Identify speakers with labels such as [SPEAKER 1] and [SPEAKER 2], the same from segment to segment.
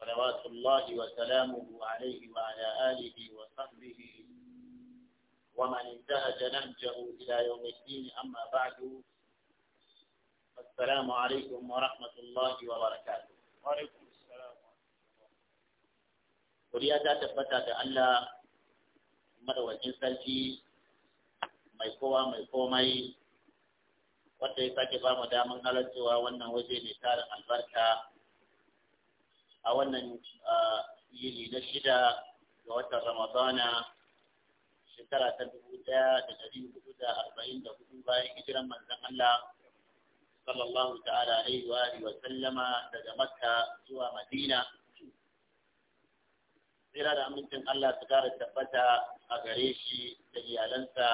[SPEAKER 1] صلوات الله وسلامه عليه وعلى آله وصحبه ومن انتهج نهجه إلى يوم الدين أما بعد
[SPEAKER 2] السلام عليكم ورحمة الله
[SPEAKER 1] وبركاته وعليكم السلام ورحمة الله tabbata da Allah madawacin sarki mai kowa mai komai ya sake ba mu damar halarcewa wannan waje tarin albarka a wannan yini na shida ga watan ramadana shekara ta dubu daya da dari hudu da arba'in da hudu bayan hijiran manzon Allah sallallahu ta'ala alaihi wa alihi wa sallama daga makka zuwa madina tsira da amincin Allah su kara tabbata a gare shi da iyalansa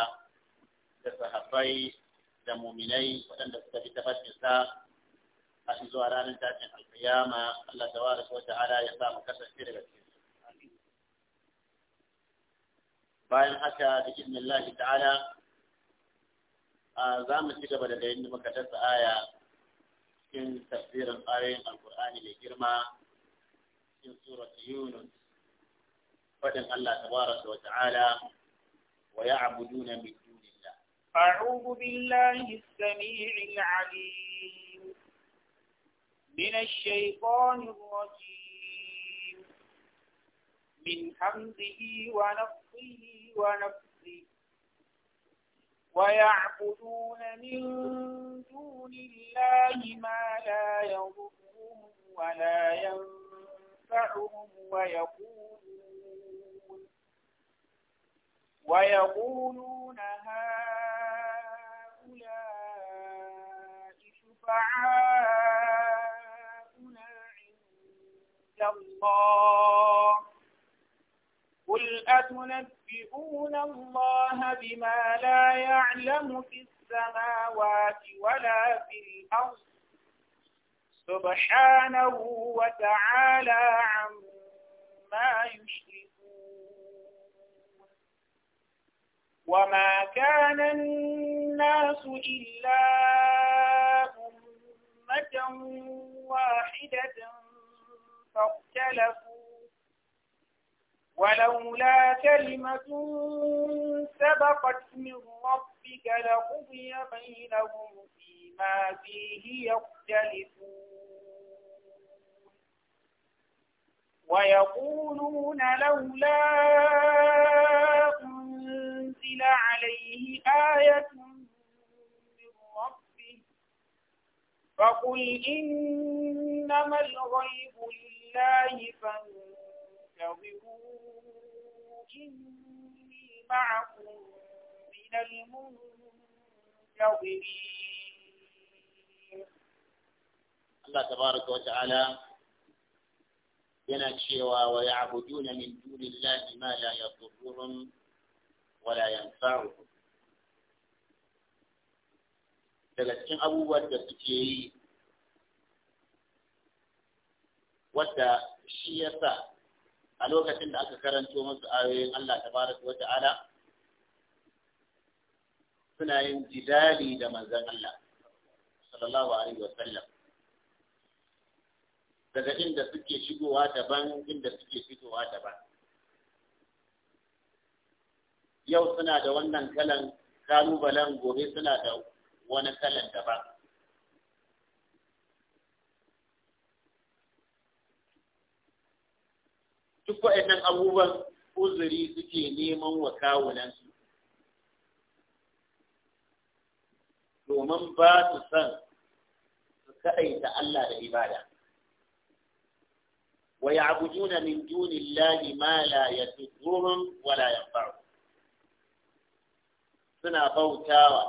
[SPEAKER 1] da sahabbai da muminai waɗanda suka fi tabbatinsa har zuwa ranar tashin alkiyama Allah tabaraka wa ala ya sa mu kasance daga cikin bayan haka da izinin Allah ta'ala za mu ci gaba da dayin da muka dasa aya cikin tafsirin ayoyin alkur'ani mai girma cikin surat yunus fadin Allah tabaraka wa ala, wa ya'buduna min dunillah
[SPEAKER 2] a'udhu billahi as-sami'il 'alim
[SPEAKER 1] من الشيطان
[SPEAKER 2] الرجيم من حمده ونفسه ونفسه ويعبدون من دون الله ما لا يضرهم ولا ينفعهم ويقولون ويقولون هؤلاء شفعاء الله قل أتنبئون الله بما لا يعلم في السماوات ولا في الأرض سبحانه وتعالى عما يشركون وما كان الناس إلا أمة واحدة فاختلفوا ولولا كلمة سبقت من ربك لقضي بينهم فيما فيه يختلفون ويقولون لولا أنزل عليه آية من ربه فقل إنما الغيب الله فانتظروا إني معكم من المنتظرين
[SPEAKER 1] الله تبارك وتعالى yana cewa wa ya'buduna min dunillahi ma ya yadurruhum wa daga cikin abubuwan da suke yi wadda shi ya sa a lokacin da aka karanto masu ayoyin Allah tabaraka wa ta'ala suna yin jidali da manzan Allah sallallahu alaihi wa sallam daga inda suke shigowa daban inda suke fitowa daban yau suna da wannan kalan kalubalen gobe suna da wani kalan daban duk waɗannan abubuwan uzuri suke neman wa kawunansu domin ba su san su kaɗaita Allah da ibada wa ya'buduna min dunillahi ma la yadurruhum wa la yanfa'u suna bautawa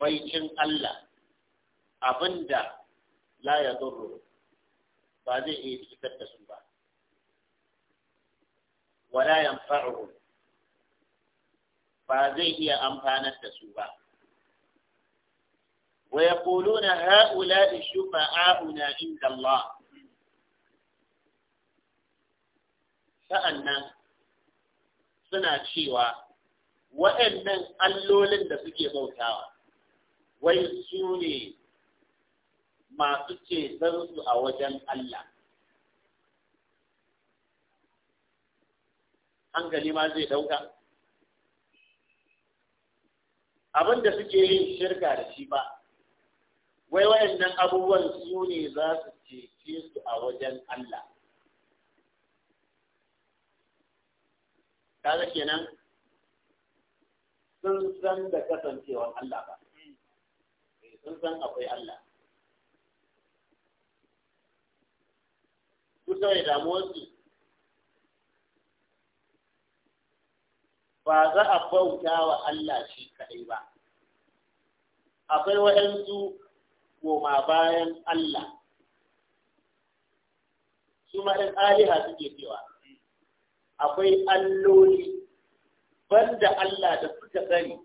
[SPEAKER 1] baitin Allah abinda la yadurruhum ba zai iya cutar da su ba wala yanfa'uhum ba zai iya amfanar da su ba wa yaquluna ha'ula'i shufa'a'una inda Allah sa'annan suna cewa waɗannan allolin da suke bautawa wai su ne masu cetonsu a wajen Allah hankali ma zai ɗauka abin da suke yin shirka da shi ba wai wayannan abubuwan su ne za su ceci su a wajen Allah kaga kenan sun san da kasancewar Allah ba eh, sun san akwai Allah duk da su ba za a bauta wa Allah shi kaɗai ba. Akwai waɗansu goma bayan Allah, su ma'in aliha suke cewa, akwai alloli banda Allah da suka gani.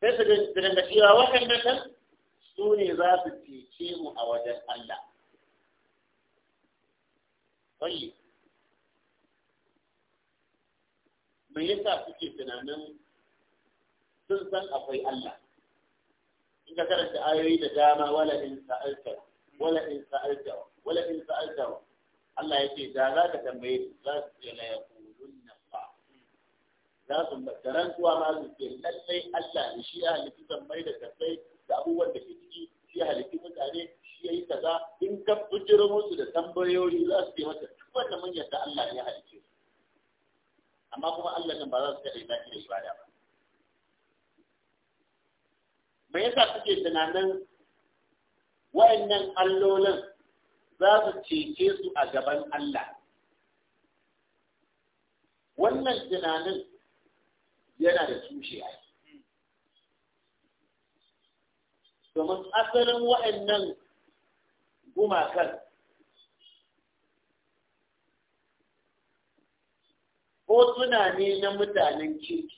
[SPEAKER 1] Sai su dinga cewa waɗannan su ne za su cece mu a wajen Allah. Ƙwayi, me yasa kuke tunanin sun san akwai Allah in ka karanta ayoyi da dama wala in sa'alta wala in sa'alta wala in sa'alta Allah ya ce da za ka tambaye su za su ce la yaqulunna ba za su da kuwa ma su ce lallai Allah ne shi ya halitta tambayi da kasai da abubuwan da ke ciki shi ya halitta mutane shi ya yi kaza in ka bujiro musu da tambayoyi za su ce mata duk wanda mun yarda Allah ya halitta amma kuma Allah ne ba za su kaɗai zaki da ibada ba me yasa suke tunanin wayannan allolin za su cece su a gaban Allah wannan tunanin yana da tushe a domin asalin waɗannan gumakan hotuna ne na mutanen kirki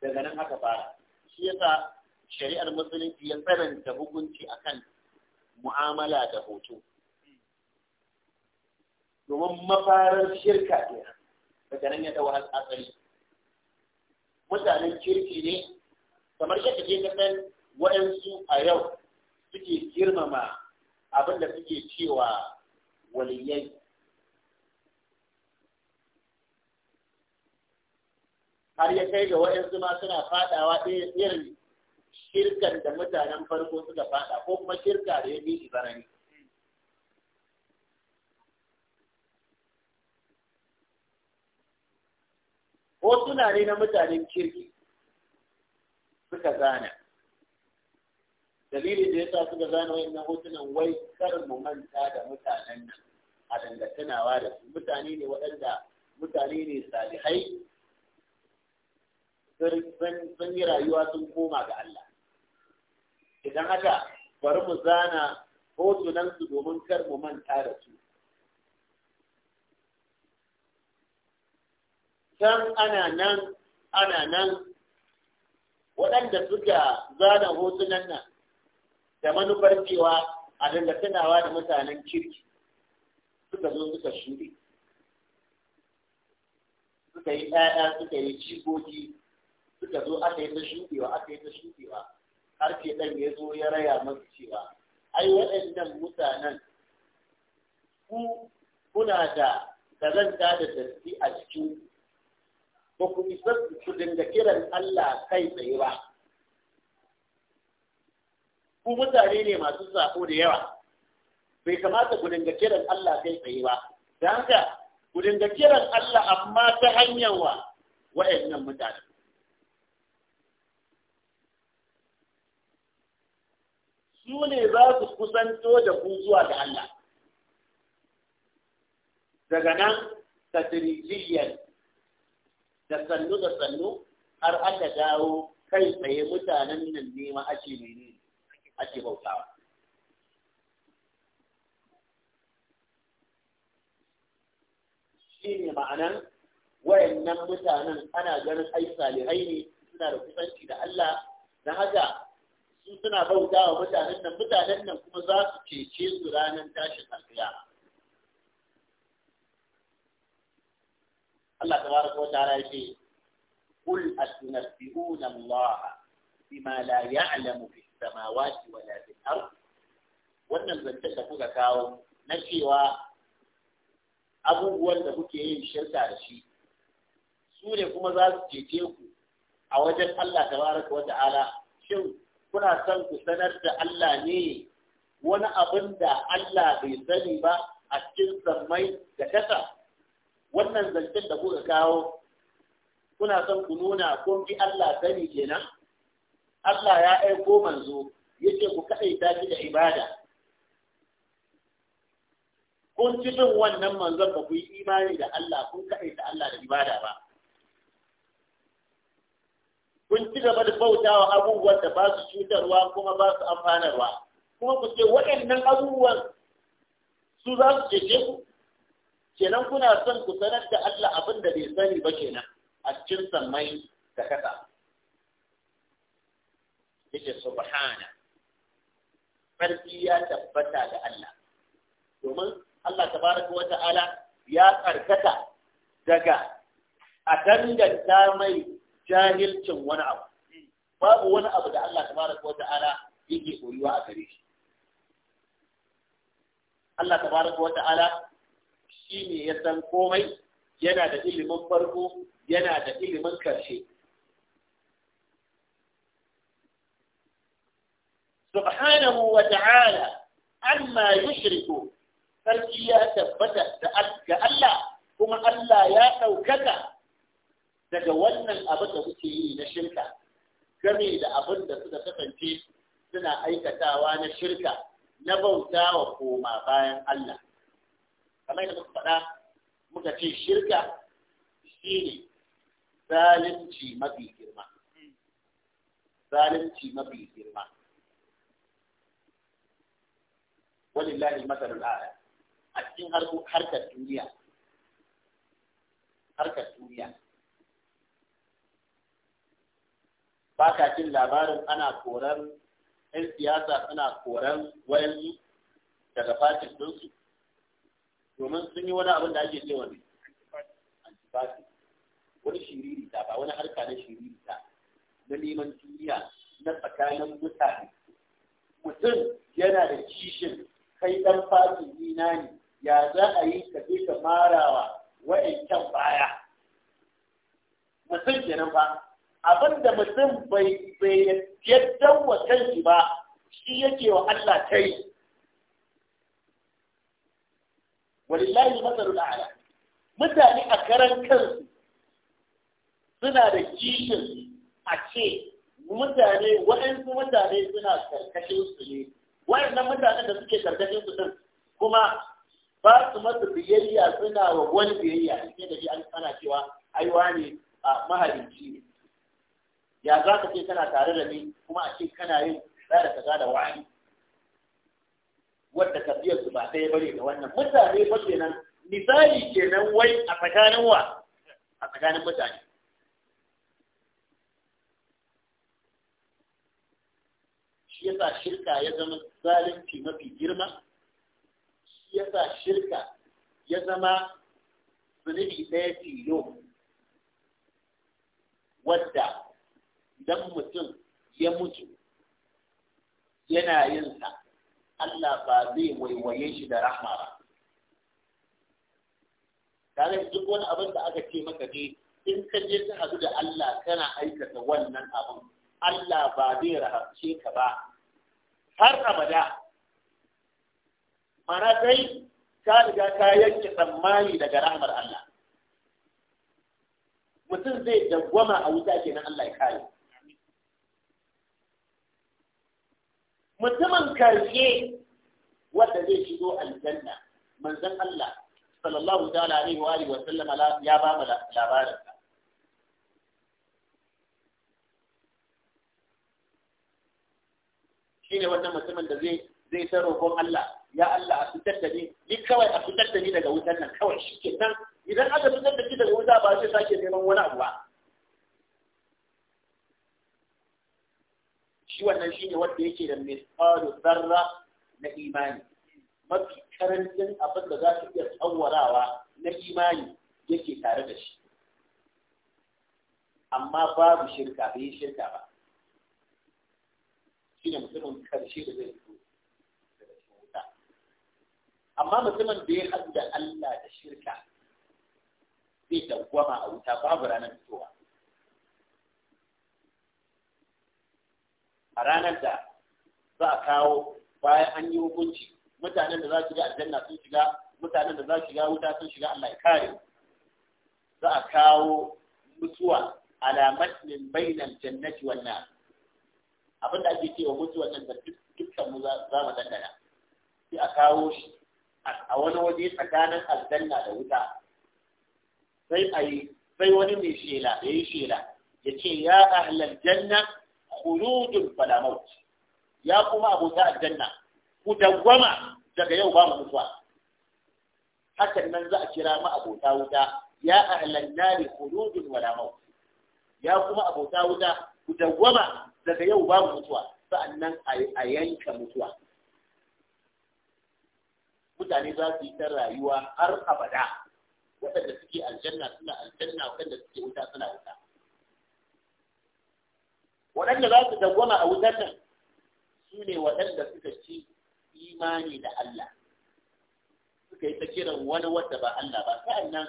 [SPEAKER 1] daga nan aka fara shi yasa shari'ar musulunci ya tsananta hukunci akan mu'amala da hoto domin mafarar shirka ne daga nan ya har asali mutanen kirki ne kamar yadda ke san waɗansu a yau suke girmama abin da suke cewa waliyai har ya kai ga waɗansu ma suna faɗawa ɗaya irin shirkar da mutanen farko suka faɗa ko kuma shirka da ya bishi barani. suna ne na mutanen kirki suka zana dalilin da ya sa suka zana na hotunan wai kar mu manta da mutanen nan a dangantunawa da mutane ne waɗanda mutane ne salihai sun yi rayuwa sun koma ga Allah idan haka bari mu zana hotunansu domin kar mu manta da su can ana nan ana nan waɗanda suka zana hotunan nan da manufar cewa a dinga da mutanen kirki suka zo suka shuɗe, suka yi ɗaya suka yi cikoki suka zo aka yi ta shuɗewa aka yi ta shuɗewa har ke ɗan ya zo ya raya masu cewa ai waɗannan mutanen ku kuna da kazanta da datti a cikin ba ku isa ku dinga kiran Allah kai tsaye ba ku mutane ne masu sako da yawa bai kamata ku dinga kiran Allah kai tsaye ba da haka ku dinga kiran Allah amma ta hanyar wa waɗannan mutanen su ne za su kusanto da ku zuwa ga Allah daga nan tadrijiyar da sannu da sannu har aka dawo kai tsaye mutanen nan ne ma ake mene ake bautawa shi ne ma'anan wayannan mutanen ana ganin aisa da ne suna da kusanci da Allah na haka su suna bauta wa mutanen nan mutanen nan kuma za su cece su ranar tashin alƙiyama Allah ta tabaraka wa ta'ala yace قل أتنبئون الله بما لا يعلم في السماوات ولا في الأرض wannan zancen da kuka kawo na cewa abubuwan da kuke yin shirka da shi su ne kuma za su cece ku a wajen Allah ta tabaraka wa ta'ala shin kuna son ku sanar da Allah ne wani abin da Allah bai sani ba a cikin sammai da kasa wannan zancen da kuka kawo kuna son ku nuna kun fi Allah sani kenan Allah ya aiko manzo yace ku kaɗaita shi da ibada kun ci bin wannan manzon ba ku yi imani da Allah kun kaɗaita Allah da ibada ba kun ci gaba da bautawa abubuwan da ba su cutarwa kuma ba su amfanarwa kuma ku ce waɗannan abubuwan su za su cece ku kenan kuna son ku sanar da Allah abin da bai sani ba kenan a cikin sammai da kasa yake subhana farki ya tabbata da Allah domin Allah tabaraka wa ta'ala ya karkata daga a danganta mai jahilcin wani abu babu wani abu da Allah tabaraka ta'ala yake koyuwa a gare shi Allah tabaraka shi ne ya san komai yana da ilimin farko yana da ilimin karshe subhanahu wa ta'ala amma yushriku sarki ya tabbata da Allah kuma Allah ya ɗaukaka daga wannan abin da suke yi na shirka game da abin da suka kasance suna aikatawa na shirka na bauta wa koma bayan Allah kamar yadda muka faɗa muka ce shirka shi ne zalunci mafi girma zalunci mafi girma walillahi masalul a'la a cikin harkar duniya harkar duniya ba ka jin labarin ana koran 'yan siyasa suna koran wayansu daga fatin ɗinsu domin sun yi wani abin da ake cewa ne antifati wani shiririta ba wani harka na shiririta na neman duniya na tsakanin mutane mutum yana da kishin kai ɗan fatin nina ne ya za a yi ka je ka marawa wa'ancan baya mutum kenan ba abin da mutum bai yaddan wa kanki ba shi yake wa Allah ta yi walillahi matsalul a'la mutane a karan kansu suna da kishin a ce mutane waɗansu mutane suna karkashin su ne waɗannan mutanen da suke karkashin su din kuma ba su masu biyayya suna wa wani biyayya sai da shi ana cewa aiwa ne a mahalicci ne ya za ka ce kana tare da ni kuma a ce kana yin tsara kaza da wa'ani wadda biya su ba ɗaya bane da wannan mutane ba ke nan misali ke nan wai a tsakanin wa a tsakanin mutane shi yasa shirka ya zama zalunci mafi girma shi yasa shirka ya zama zunubi ɗaya tilo wadda idan mutum ya mutu yana yin sa Allah ba zai waiwaye shi da rahma ba kare duk wani abin da aka ce maka ne in ka je ka hadu da Allah kana aikata wannan abin Allah ba zai rahace ka ba har abada mana kai ka riga ka yanke tsammani daga rahmar Allah mutum zai dagwama a wuta kenan Allah ya kare mutumin karshe wanda zai shigo aljanna manzon Allah sallallahu ta'ala alaihi wa alihi wa sallama ya ba mu labarin shine wannan mutumin da zai zai ta roƙon Allah ya Allah a fitar da ni ni kawai a fitar da ni daga wutar nan kawai shikenan idan aka fitar da ni daga wuta ba zai sake neman wani abu ba shi wannan shi ne wanda yake da misfaru zarra na imani mafi karancin abin da za su iya tsawarawa na imani yake tare da shi amma babu shirka bai yi shirka ba shi ne mutumin karshe da zai fito daga cikin wuta amma mutumin da ya haɗu da Allah da shirka zai dawwama a wuta babu ranar fitowa a ranar da za a kawo bayan an yi hukunci mutanen da za su ga aljanna sun shiga mutanen da za su shiga wuta sun shiga Allah ya kare za a kawo mutuwa alamatnin bainal jannati wan nar abin da ake cewa mutuwa nan da dukkan mu za mu dandana sai a kawo shi a wani waje tsakanin aljanna da wuta sai sai wani mai shela ya yi shela ya ce ya ahlal janna khuludun bala maut ya kuma abota aljanna ku dawwama daga yau ba mu mutuwa hakan nan za a kira ma abota wuta ya a'lanna li khuludun wala maut ya kuma abota wuta ku dawwama daga yau ba mu mutuwa sa'annan a yanka mutuwa mutane za su yi ta rayuwa har abada waɗanda suke aljanna suna aljanna waɗanda suke wuta suna wuta waɗanda za su dawwama a wutar nan su ne waɗanda suka ci imani da Allah suka yi ta kiran wani wadda ba Allah ba sa'an nan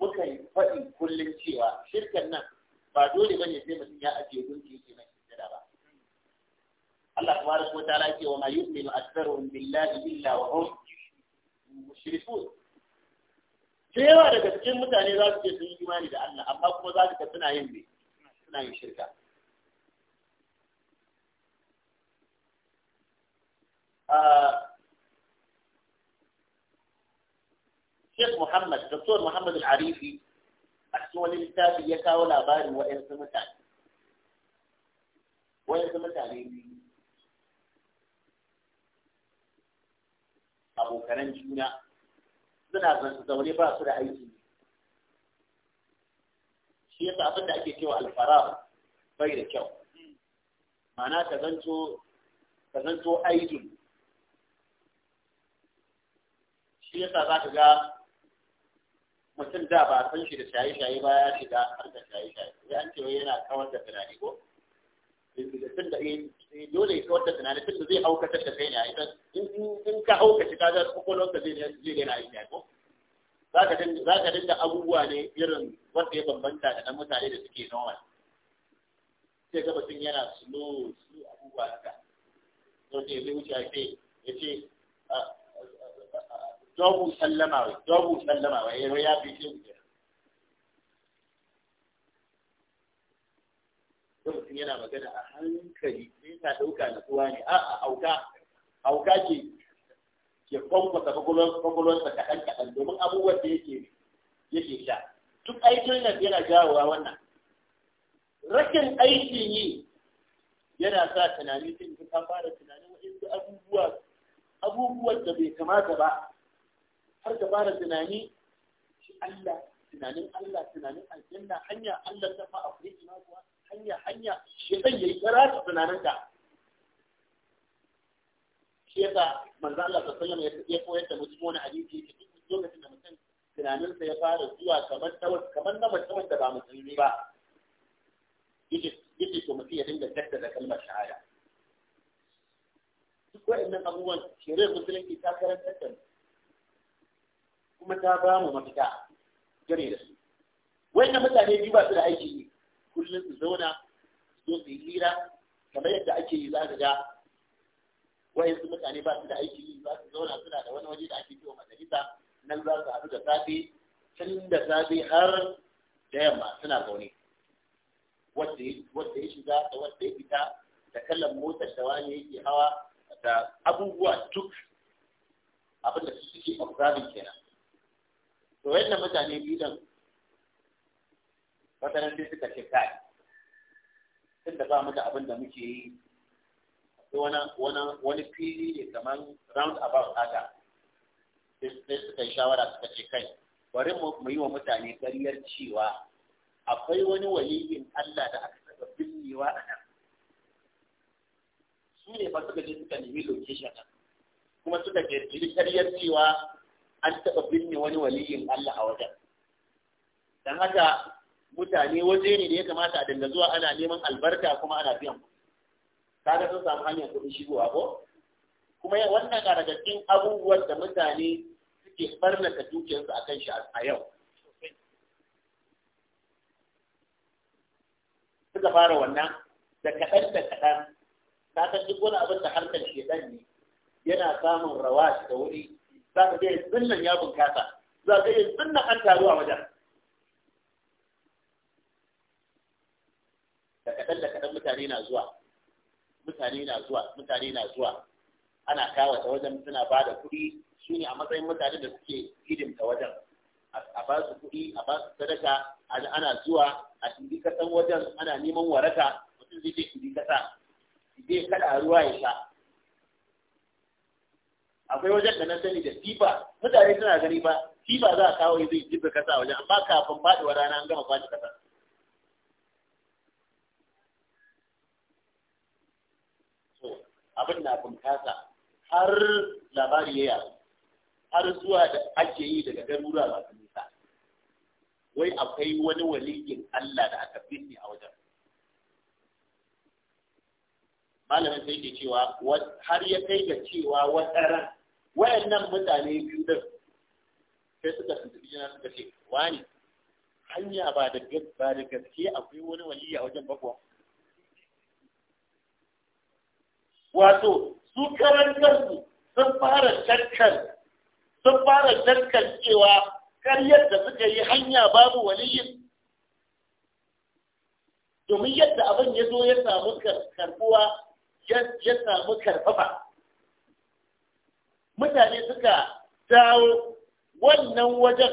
[SPEAKER 1] muka yi faɗi kullum cewa shirkan nan ba dole ba ne sai mutum ya ajiye gunki yake mai sujjada ba Allah da kuma tara ce wa ma yu'minu aktharuhum billahi illa wa hum mushrikun da yawa daga cikin mutane za su ce sun yi imani da Allah amma kuma za su ka suna yin me suna yin shirka Sheikh Muhammad, Dr. Muhammad Al-Arifi a cikin wani littafi ya kawo labarin waɗansu mutane. Waɗansu mutane biyu. Abokanan juna suna zaune ba su da aiki. Shi yasa abin da ake cewa alfarar bai da kyau. Ma'ana ka zanto aidun shi yasa za ka ga mutum da ba san shi da shaye-shaye ba ya shiga da shaye-shaye ya an cewa yana kawar da tunani ko tun da eh, eh, dole ya kawar da tunani tun da zai haukatar da kai ne a in ka haukaci ka ga da zai yana aiki ko za ka dinga abubuwa ne irin wanda ya bambanta da ɗan mutane da suke nawa sai ga mutum yana slow slow abubuwa haka to ce zai wuce ce ya ce ah, dobu sallama wa dobu sallama wai yaro ya fi shi guda mutum yana magana a hankali sai ta dauka na tsuwa ne a'a auka auka ke ke kwankwasa kwakwalwarsa kaɗan kaɗan domin abubuwan da yake yake sha duk aikin nan yana jawowa wannan rashin aikin yi yana sa tunani sun ta fara tunanin wa'insu abubuwa abubuwan da bai kamata ba har ka fara tunani shi Allah tunanin Allah tunanin aljanna hanya Allah ta fa akwai ina kuwa hanya hanya shi zan yayi ta tunanin ka shi yasa manzo Allah sallallahu alaihi wasallam ya koyar da mutum wani hadisi yake duk lokacin da mutum tunaninsa ya fara zuwa kamar kamar na mutumin da ba musulmi ba yake yake to mutum ya dinga jaddada kalmar shahada duk waɗannan abubuwan shari'ar musulunci ta karantar da kuma ta ba mu mafita gare da su wannan mutane biyu ba su da aiki ne kullum su zauna su zo su yi hira kamar yadda ake yi za ka ga wayansu mutane ba su da aiki ne za su zauna suna da wani waje da ake kiwo majalisa nan za su haɗu da safe tun da safe har da yamma suna zaune wanda ya shiga da wanda ya fita da kallon motar da wani yake hawa da abubuwa duk abin da suke observing kenan to yadda mutane biyu ɗin wataran sai suka ce kai tun da ba mu da abin da muke yi wani fili ne kamar round about haka sai suka yi shawara suka ce kai bari mu yi wa mutane ƙaryar cewa akwai wani waliyin Allah da aka saka binnewa a nan su ne ba suka je suka nemi location kuma suka je ƙaryar cewa an taɓa binne wani waliyin Allah a wajen Don haka mutane waje ne da ya kamata a dinga zuwa ana neman albarka kuma ana biyan kaga sun samu hanyar kuɗin shigowa ko kuma wannan na abubuwan da mutane suke farnaka dukiyarsu a kan shi a yau suka fara wannan da kaɗan da kaɗan ta duk wani abin da harkar shi ne yana samun rawa da wuri za ka ga yanzu nan ya bunkasa za ka yanzu nan an taru a wajen da kaɗan da kaɗan mutane na zuwa mutane na zuwa mutane na zuwa ana kawata wajen suna ba da kuɗi su ne a matsayin mutane da suke hidimta wajen a ba su kuɗi a ba su sadaka ana zuwa a shindi kasan wajen ana neman waraka mutum zai je shindi kasa zai kada ruwa ya sha akwai wajen da na sani da tifa mutane suna gani ba tifa za a kawo zai jibga kasa wajen amma kafin wa rana an gama kwashe kasa abin na bunkasa har labari ya yaro har zuwa da ake yi daga garura masu nisa wai akwai wani walikin Allah da aka binne a wajen malamin sai ke cewa har ya kai ga cewa wata ran wayannan mutane biyu din sai suka tuntubi jina suka ce wani hanya ba da ba da gaske akwai wani waliyi a wajen bakwa wato su karantar su sun fara shakkar sun fara shakkar cewa karyar da suka yi hanya babu waliyin domin yadda abin ya zo ya samu karbuwa ya samu karfafa mutane suka dawo wannan wajen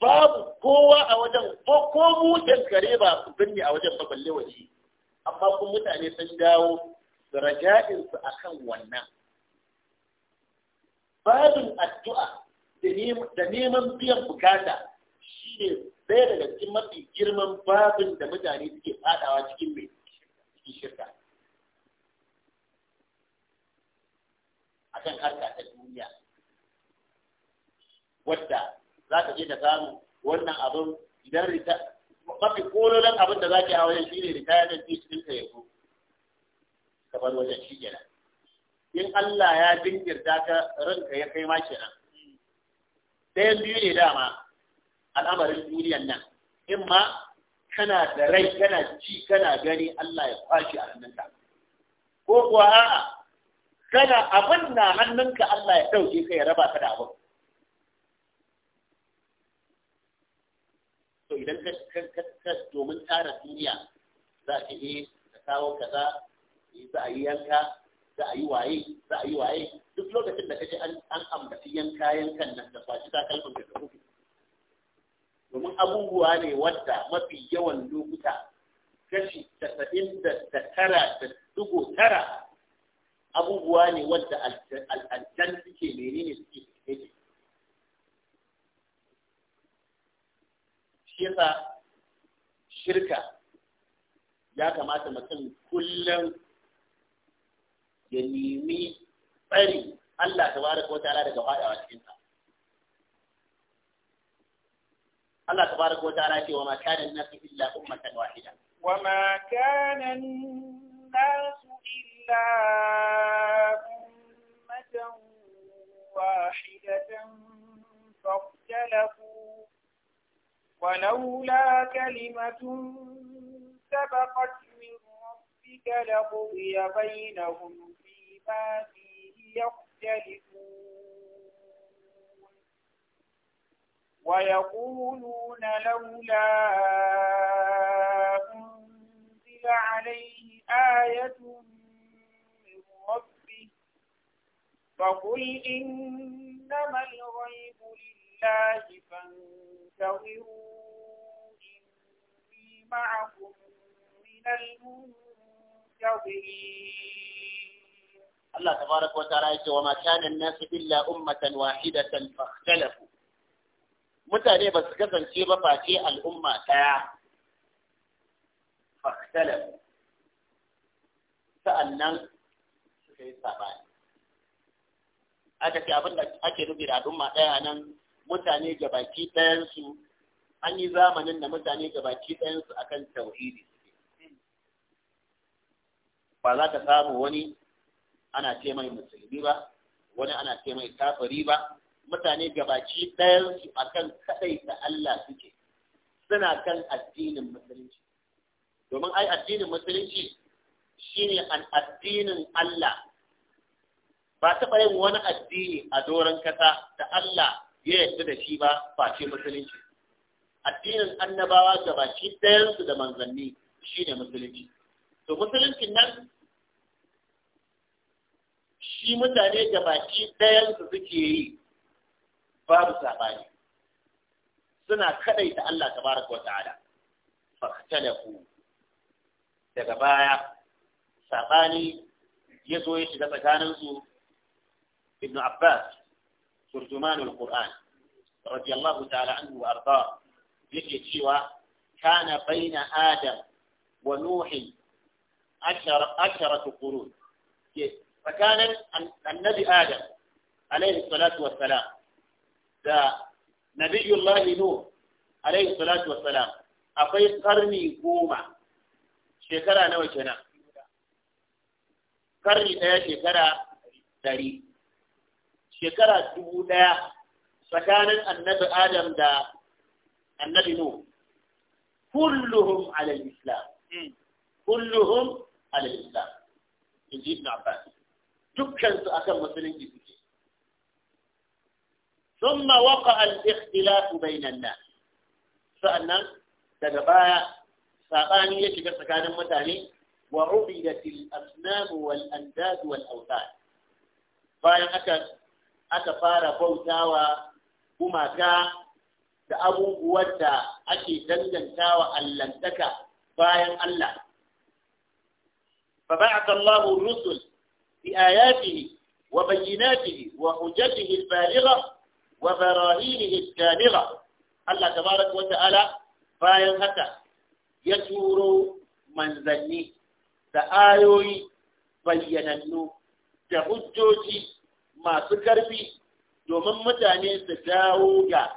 [SPEAKER 1] babu kowa a wajen ko ko mutan kare ba su binne a wajen balle waje amma kuma mutane sun dawo raja'in su akan wannan babin addu'a da neman biyan bukata shine ɗaya daga cikin mafi girman babin da mutane suke fadawa cikin mai shirka akan harka ta duniya wadda za ka je ta samu wannan abin idan rita mafi kololon abin da za ka yi a wajen shi ne retirement fees ɗinka ya zo ka bar wajen shi kenan in Allah ya jinkirta ka ranka ya kai ma kenan ɗayan biyu ne dama al'amarin duniyan nan in ma kana da rai kana ci kana gani Allah ya kwashe a hannunka ko kuwa a'a kana abin na hannunka Allah ya ɗauke ka ya raba ka da abin to idan ka domin tsara duniya za ka yi ka kawo kaza za a yi yanka za a yi waye za a yi waye duk lokacin da ka ji an ambaci yanka yankan nan da kwashi takalmin da ka domin abubuwa ne wadda mafi yawan lokuta kashi casa'in da tara da tara abubuwa ne wadda al'addan suke menene suke suke ne shi yasa shirka ya kamata mutum kullum ya nemi tsari Allah ta bari wata tara daga faɗawa cikinta. Allah ta bari wata tara cewa ma kana nasu illa ummatan wahida.
[SPEAKER 2] Wa ma kana nasu إلا أمة واحدة فاختلفوا ولولا كلمة سبقت من ربك لقضي بينهم فيما فيه يختلفون ويقولون لولا أنزل عليه آية فقل إنما الغيب لله
[SPEAKER 1] فانتظروا
[SPEAKER 2] إني معكم من المنتظرين
[SPEAKER 1] الله تبارك وتعالى وما كان الناس إلا أمة واحدة فاختلفوا متى بس su kasance ba الأمة al'umma ɗaya faktalaf sa'annan suka aka ce abin da ake nufi da al'umma ɗaya nan mutane gabaki ɗayansu an yi zamanin da mutane gabaki ɗayansu akan tauhidi ba za ka samu wani ana ce mai musulmi ba wani ana ce mai kafiri ba mutane gabaki ɗayansu akan kaɗai da Allah suke suna kan addinin musulunci domin ai addinin musulunci shine an addinin Allah ba taɓa yin wani addini a doron kasa da Allah ya yarda da shi ba face musulunci addinin annabawa ga baki ɗayansu da manzanni ne musulunci to musuluncin nan shi mutane da baki ɗayansu suke yi babu saɓani suna da Allah tabaraka wa ta'ala fahtalafu daga baya saɓani ya zo ya shiga tsakaninsu ابن عباس ترجمان القرآن رضي الله تعالى عنه وأرضاه ذكر سوى كان بين آدم ونوح عشر عشرة قرون فكان النبي آدم عليه الصلاة والسلام ذا نبي الله نوح عليه الصلاة والسلام أقيت قرني قوما شكرا نوشنا قرني تيا شكرا تاريخ shekara dubu ɗaya tsakanin annabi Adam da annabi Nuh kulluhum ala islam kulluhum ala islam inji Ibn Abbas dukkan su akan musulunci suke ثم وقع الاختلاف بين الناس فأنا تجبايا ساقاني يشكر سكان متاني وعبدت الأصنام والأنداد والأوثان bayan aka aka fara bautawa gumaka da abubuwan da ake dangantawa allantaka bayan Allah. فبعث الله الرسل بآياته وبيناته وحجته البالغة وبراهينه الكاملة الله تبارك وتعالى bayan haka ya turo manzanni da ayoyi bayyanannu da hujjoji masu karfi domin mutane su dawo ga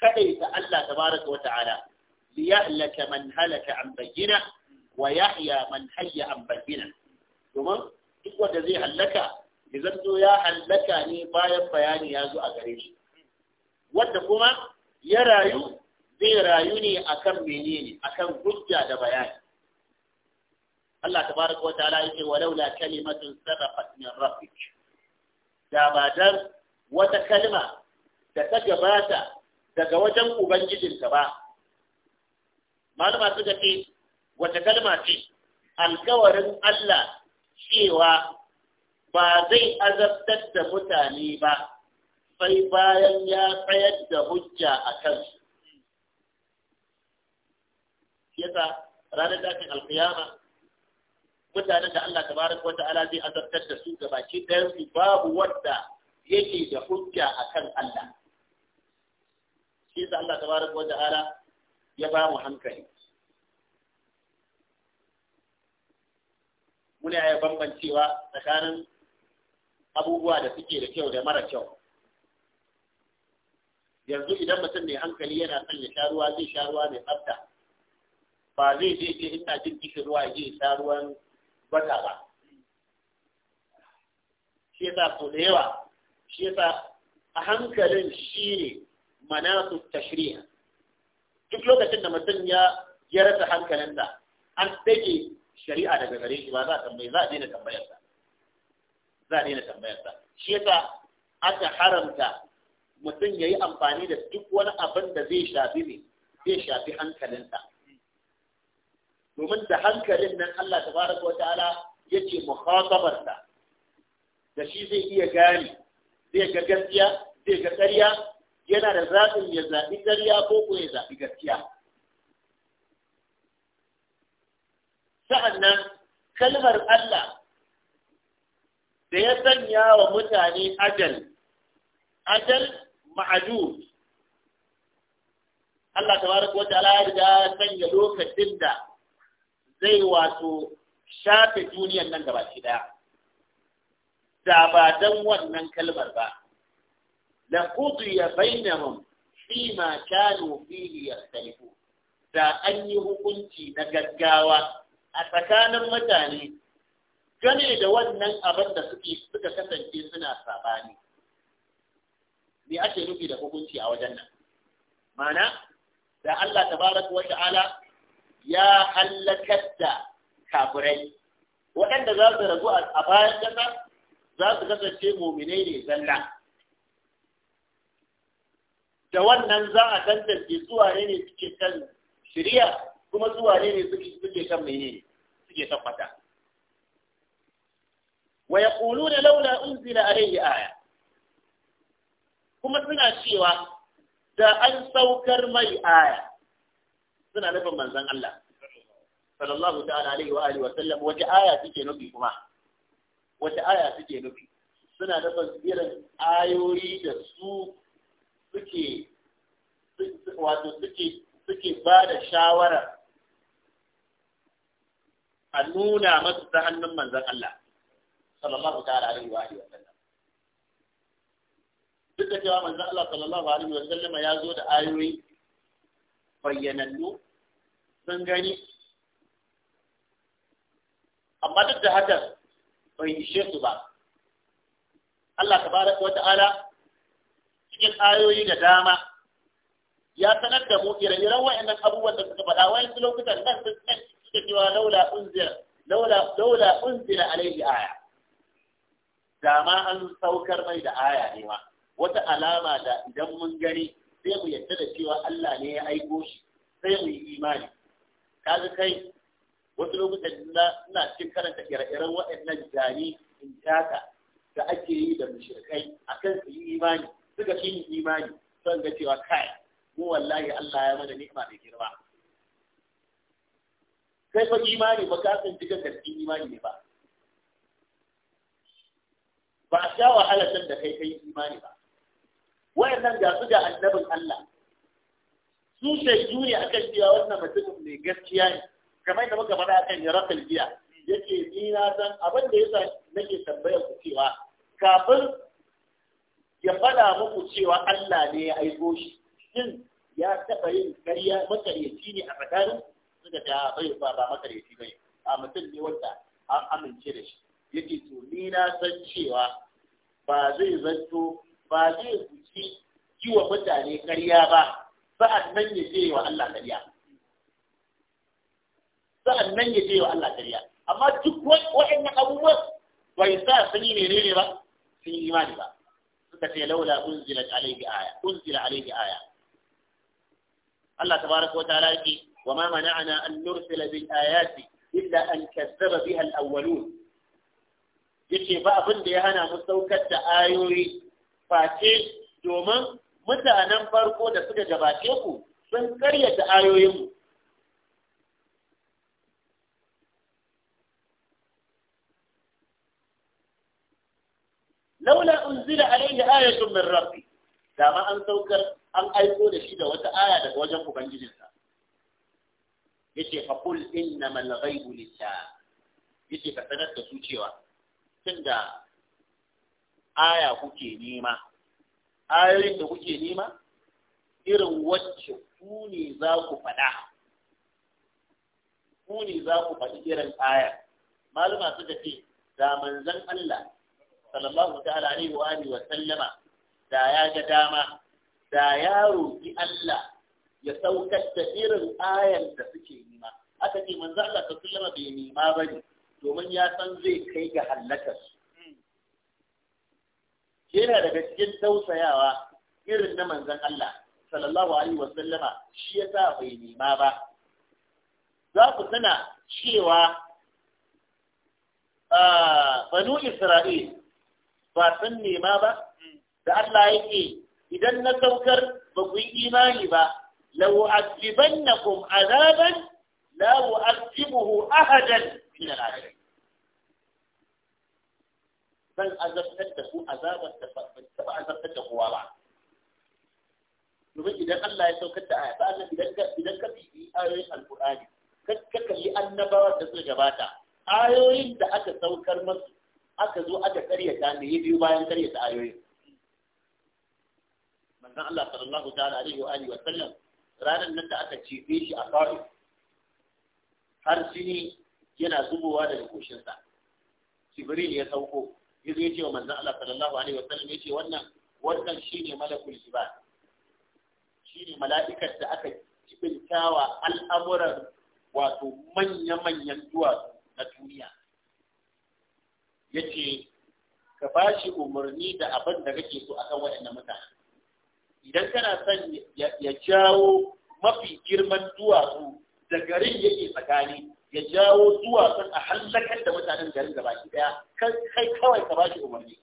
[SPEAKER 1] kaɗaita Allah tabaraka wa ta'ala ya'laka man halaka an bayyana, wa yahya man hayya an bayyana. domin duk wanda zai hallaka ya zanto ya hallaka ne bayan bayani ya zo a gare shi wanda kuma ya rayu zai rayu ne akan menene akan hujja da bayani Allah tabaraka wa ta'ala yake walaula kalimatun sarrafat min rabbik da ba wata kalma da ta gabata daga wajen ubangijinta ba malama suka ce wata kalma ce alkawarin Allah cewa ba zai azabtar da mutane ba sai bayan ya tsayar da hujja a kansu Yata ranar dakin alkiyama mutanen da Allah tabaraka wa ta'ala zai azabtar da su baki ɗayan su babu wanda yake da hujja akan Allah shi sa Allah tabaraka wa ta'ala ya ba mu hankali muna ya bambancewa tsakanin abubuwa da suke da kyau da mara kyau yanzu idan mutum mai hankali yana son ya sha ruwa zai sha ruwa mai tsafta ba zai je ce ina jin kishin ruwa ya je sha ruwan wata ba shi yasa so da yawa shi yasa a hankalin shi ne manatu tashriya. duk lokacin da mutum ya ya rasa hankalinsa an dage shari'a daga gare shi ba za a tambaye za a daina tambayarsa za a daina tambayarsa shi yasa aka haramta mutum ya yi amfani da duk wani abin da zai shafi ne zai shafi hankalinsa domin da hankalin nan Allah tabaraka wa ta'ala yace mukhatabar ta da shi zai iya gane zai ga gaskiya zai ga ƙarya yana da zaɓin ya zaɓi ƙarya ko ko ya zaɓi gaskiya sa'annan kalmar Allah da ya sanya wa mutane ajal ajal ma'adud Allah tabaraka wa ta'ala ya riga sanya lokacin da zai wato shafe duniyan nan gaba ki daya da ba dan wannan kalmar ba la ya bainahum fi ma kanu fihi yastalifu da an yi hukunci na gaggawa a tsakanin mutane Gane da wannan abin da suke suka kasance suna sabani me ake nufi da hukunci a wajen nan mana da Allah tabaraka wa ta'ala ya hallakar da kafirai waɗanda za su ragu a bayan ƙasa za su kasance mominai ne zalla da wannan za a tantance zuwa ne ne suke kan shirya kuma zuwa ne ne suke kan mene suke kan da wa yaquluna laula unzila rai aya kuma suna cewa da an saukar mai aya suna nufin manzan Allah sallallahu ta'ala alaihi wa alihi wa sallam wata aya suke nufi kuma wata aya suke nufi suna nufin irin ayoyi da su suke wato suke suke ba da shawara a nuna masu ta hannun manzan Allah sallallahu ta'ala alaihi wa alihi wa sallam duk da cewa manzan Allah sallallahu alaihi wa sallam ya zo da ayoyi bayyanannu sun gani amma duk da hakan bai ishe su ba Allah Ta wata ala cikin ayoyi da dama ya sanar da mu ire-iren wa'annan abubuwan da suka faɗa wa'ansu lokutan nan sun cikin cewa laula unzira laula laula unzira alaihi aya dama an saukar mai da aya ne ma wata alama da idan mun gani sai mu yadda da cewa Allah ne ya aiko shi sai mu yi imani kaga kai wasu lokutan ina cikin karanta ire-iren waɗannan jari in taka da ake yi da mushrikai akan su yi imani suka fi yin imani son ga cewa kai mu wallahi Allah ya mana ni'ima da girma kai fa imani ba ka san cikin gaskiyar imani ne ba ba a sha wahalar da kai kai imani ba wayannan ga su ga annabin Allah su sai juri akan cewa wannan mutumin mai gaskiya ne kamar da muka faɗa akan yarafal giya yake ni na san abin da yasa nake tambaya ku cewa kafin ya faɗa muku cewa Allah ne ya aiko shi shin ya taɓa yin ƙarya makaryaci ne a tsakanin suka ta bai ba ba makaryaci bai a mutum ne wanda an amince da shi yake to ni na san cewa ba zai zanto ba zai guji yi wa mutane ƙarya ba sa'an nan ya je wa Allah ƙarya sa'an nan ya je wa Allah ƙarya amma duk waɗannan abubuwan bai sa sun yi ne ba sun yi imani ba suka ce laula unzilat alayhi aya unzila alayhi aya Allah tabaraka wa ta'ala yake wa ma mana'ana an nursila bil ayati illa an kazzaba biha al-awwalun yace ba abin da ya hana mu saukar da ayoyi face domin mutanen farko da suka gabace ku sun karyata ayoyinmu laula unzila alayhi ayatun min rabbi dama an saukar an aiko da shi da wata aya daga wajen ubangijinsa yace fa qul innamal ghaibu lillah yace ka sanar da su cewa tunda aya kuke nema ayoyin da kuke nema irin wacce ku ne za ku faɗa ku ne za ku faɗi irin aya Malama suka ce da manzon Allah sallallahu ta'ala alaihi wa wa sallama da ya ga dama da ya roki Allah ya saukar da irin ayan da suke nema aka ce manzon Allah sallallahu alaihi sallama bai nema bane domin ya san zai kai ga halakarsu yana daga cikin tausayawa irin na manzon Allah sallallahu alaihi wasallama shi ya yasa bai nema ba za ku sana cewa banu Isra'il ba san nema ba da Allah yake idan na saukar ba ku yi imani ba لو azaban عذابا لا أعذبه أحدا من العالمين zan azabtar da ku azabar da ba taɓa azabtar da kowa ba domin idan Allah ya saukar da aya sa'an idan ka idan ka bi ayoyin alqur'ani ka kalli annabawa da suka gabata ayoyin da aka saukar masu aka zo aka karyata ne ya biyu bayan karyata ayoyin manzon Allah sallallahu ta'ala alaihi wa alihi wa sallam ranar nan da aka cife shi a kawai har jini yana zubowa daga koshinsa jibril ya sauko ya ce wa manzan Allah sallallahu alaihi wasallam ce wannan wannan shine malakul jibal shine mala'ikar da aka jibintawa al'amuran wato manya-manyan duwatsu na duniya yace ka bashi umarni da abin da kake so akan waɗannan mutane idan kana son ya jawo mafi girman duwatsu da garin yake tsakani ya jawo duwatsun a hallakar da mutanen garin gaba ki daya kai kawai ka bashi umarni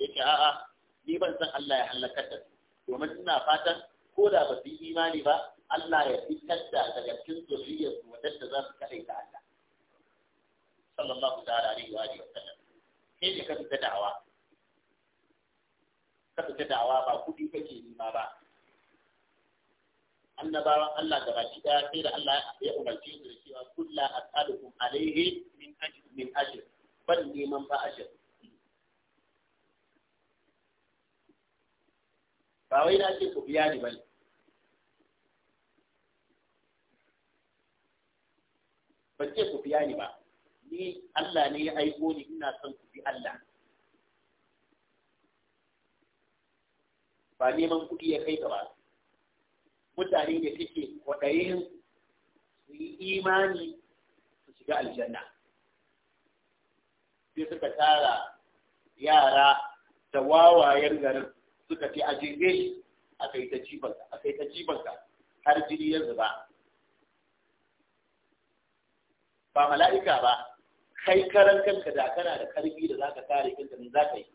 [SPEAKER 1] yake a'a ni ban san Allah ya hallakar da su domin ina fatan ko da ba su yi imani ba Allah ya fitar da daga cikin zuriyar su wadanda za su kaɗai da Allah sallallahu ta'ala alaihi wa sallam sai ne ka fita da'awa ka fita da'awa ba kuɗi kake nima ba annabawan Allah da baki daya sai da Allah ya umarce su da cewa kullu as'alukum alaihi min ajr min ajr ban neman ba ajr ba wai na ce ku biya ni bane ban ce ku biya ni ba ni Allah ne ya aiko ni ina son ku bi Allah ba neman kuɗi ya kai ka ba mutane da suke kwaɗayin su yi imani su shiga aljanna sai suka tara yara da wawayen garin suka ce a jirge shi aka yi ta jibanka aka yi ta jibanka har jini ya zuba ba mala'ika ba kai karan kanka da kana da karfi da zaka kare kanka ne zaka yi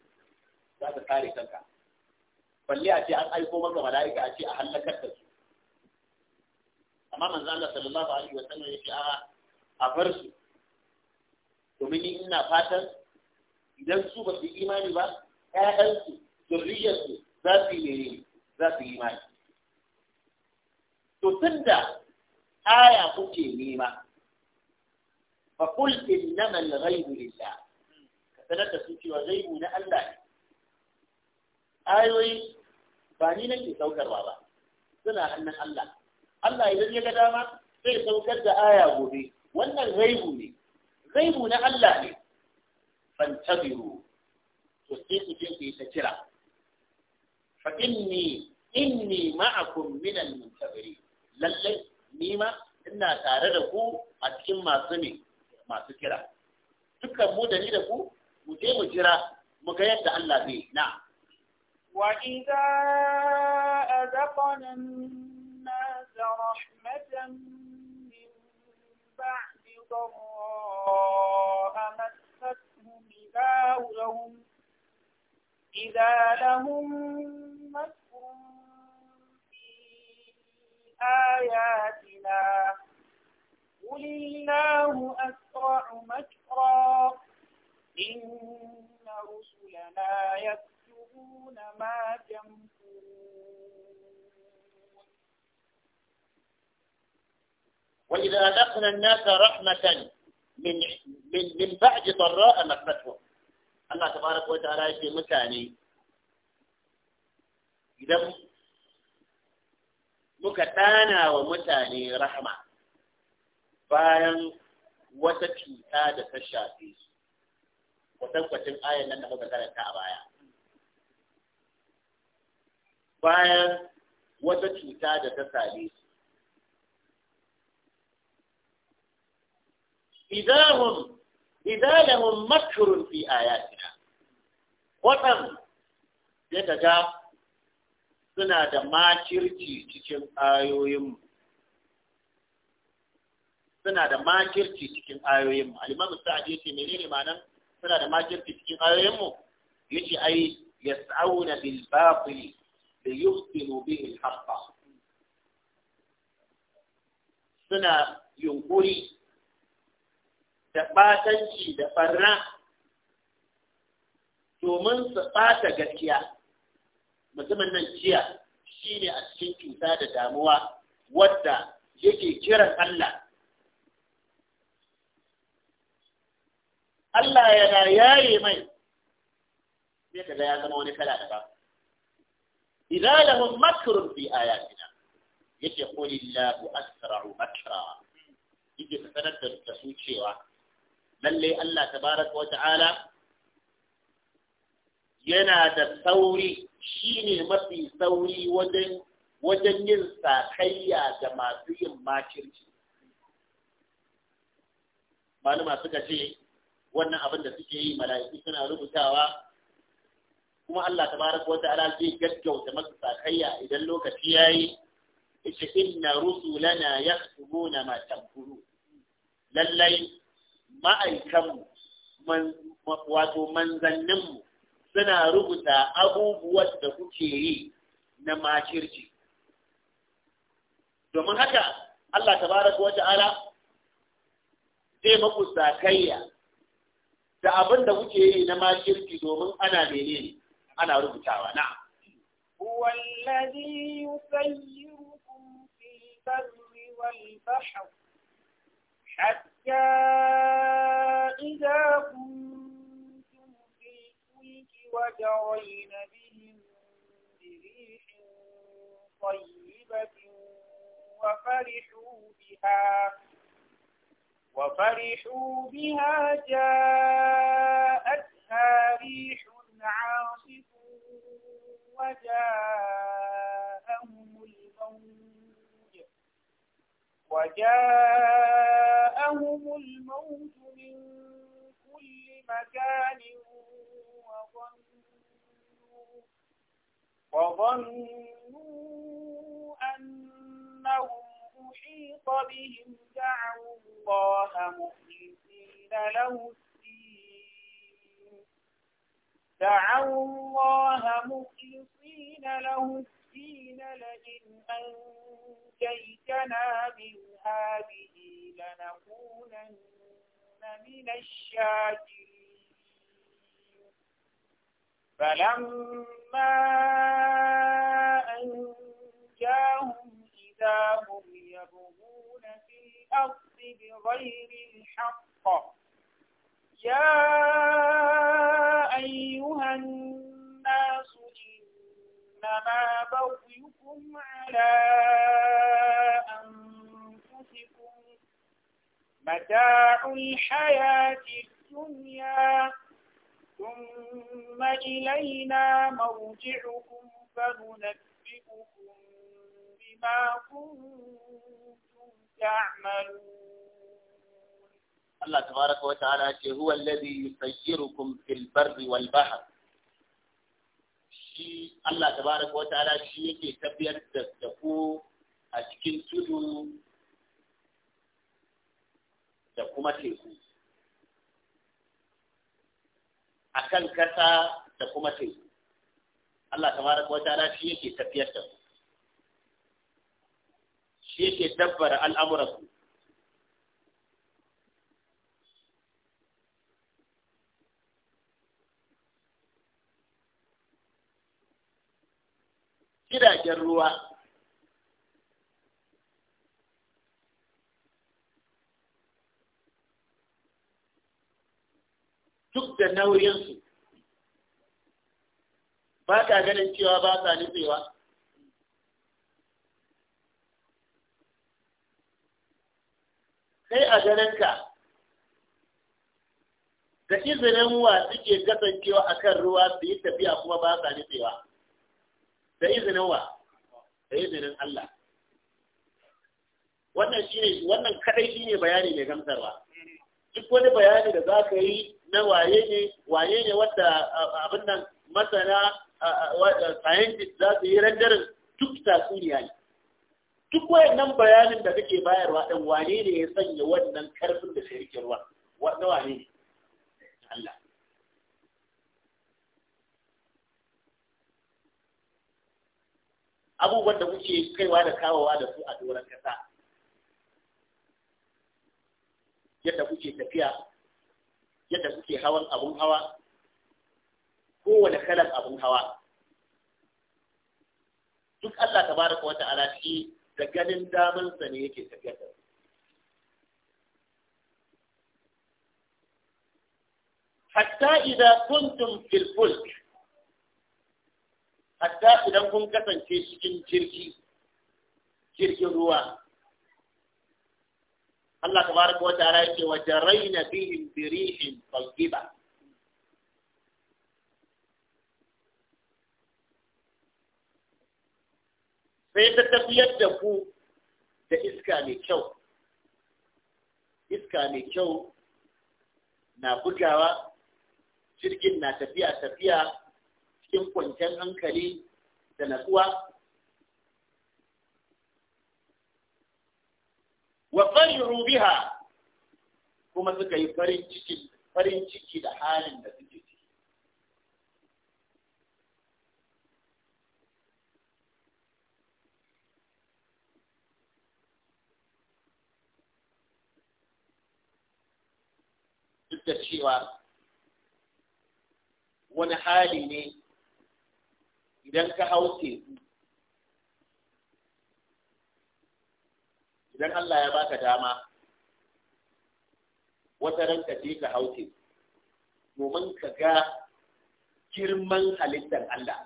[SPEAKER 1] zaka kare kanka balle a ce an aiko maka mala'ika a ce a hallakar da su amma manzo Allah sallallahu alaihi wa sallam yake a a bar su domin ni ina fatan idan su ba su imani ba ƴaƴansu zurriyarsu za su yi za su yi imani to tunda aya kuke nema fa qul innama al-ghaibu lillah ka sanar da su cewa ghaibu na Allah ne ayoyi ba ni nake saukarwa ba suna hannun Allah Allah idan ya ga dama zai saukar da aya gobe wannan gaibu ne gaibu na Allah ne fantabiru to sai ku je ku yi ta kira fa inni inni ma'akum min al-muntabiri lalle ni ma ina tare da ku a cikin masu ne masu kira dukkan mu da ni da ku mu je mu jira mu ga yadda Allah zai na
[SPEAKER 2] wa idza azaqna رحمة من بعد ضراء مستهم إذا لهم إذا لهم مكر في آياتنا قل الله أسرع مكرا إن رسلنا يكتبون ما جمعوا
[SPEAKER 1] وإذا أذقنا الناس رحمة من من من بعد ضراء مكبتهم الله تبارك وتعالى يشتري مثاني إذا مكتانا ومتاني رحمة فان وتكي هذا فشاتي وتوقت الآية لأنه مثلا تعبايا فان وتكي هذا فشاتي idahum idalahum makrun fi ayatina watan sai ka ga suna da makirci cikin ayoyinmu suna da makirci cikin ayoyinmu alimamu sa'adi yace ma nan, suna da makirci cikin ayoyinmu yace ai yas'auna bil batil li yuftinu bihi al haqq suna yunkuri da ɓatanci da ɓarna domin su ɓata gaskiya mutumin nan jiya shi a cikin cuta da damuwa wadda yake kiran Allah Allah yana yaye mai sai kaga ya zama wani kala daban idza lahum makrun fi ayatina yake qul asra'u makra yake sanar da su cewa lalle Allah tabaraka wa yana da sauri shine mafi sauri wajen wajen yin sakayya da masu yin makirci malama suka ce wannan abin da suke yi mala'iku suna rubutawa kuma Allah tabaraka wa zai gaggauta masu sakayya idan lokaci yayi ita inna rusulana yaktubuna ma tanquru lallai ma'aikanmu wato manzanninmu suna rubuta abubuwan da kuke yi na makirci domin haka Allah ta ku wata ara. zai maku sakayya da abin da kuke yi na makirci domin ana menene ana rubutawa na
[SPEAKER 2] هو الذي يسيركم في البر والبحر حتى حتى إذا كنتم في الفلك وجرين بهم بريح طيبة وفرحوا بها وفرحوا بها جاءتها ريح عاصف وجاءهم الموج وجاءهم جاءهم الموت من كل مكان وظنوا وظنوا أنهم أحيط بهم دعوا الله مخلصين له الدين دعوا الله مخلصين له الدين لئن أنجيتنا من هذه لنكونن من الشاكرين فلما أنجاهم إذا هم يبغون في الأرض بغير الحق يا أيها الناس إنما بغيكم على أنفسكم متاع الحياة الدنيا ثم إلينا مرجعكم فننبئكم بما كنتم تعملون
[SPEAKER 1] الله تبارك وتعالى هو الذي يسيركم في البر والبحر الله تبارك وتعالى شيء ta'ala shi yake tafiyar da kuma teku a kan kasa da kuma teku Allah tabaraka wa ta'ala shi yake tafiyar da shi yake dabbara al'amuransu jiragen ruwa duk da nauyinsu ba ta ganin cewa ba sa nutsewa kai a ganinka da izinin wa suke kasancewa a kan ruwa su yi tafiya kuma ba sa nutsewa da izinin wa da izinin Allah wannan ne wannan kadai shine bayani mai gamsarwa duk wani bayani da za ka yi na waye ne waye ne wanda abin nan masana scientist za su yi rangarin duk tasiriya ne duk wayannan bayanin da kake bayarwa dan wane ne ya sanya wannan karfin da shirkin ruwa wanda wane ne Allah abubuwan da kuke kaiwa da kawowa da su a doron kasa yadda kuke tafiya yadda kuke hawan abun hawa kowane kalan abun hawa duk Allah tabaraka wa ta'ala shi da ganin sa ne yake tafiya da hatta idan kuntum fil fulk hatta idan kun kasance cikin jirgi jirgin ruwa Allah tabaraka wa ta'ala yake wa jarayna bihim bi rihin tayyiba sai ta tafiyar da ku da iska mai kyau iska mai kyau na bugawa jirgin na tafiya tafiya cikin kwanciyar hankali da natsuwa wa farihu biha kuma suka yi farin ciki farin ciki da halin da suke ciki duk da cewa wani hali ne idan ka hau teku idan Allah ya baka dama wata ranka ce ka hauke domin ka ga girman halittar Allah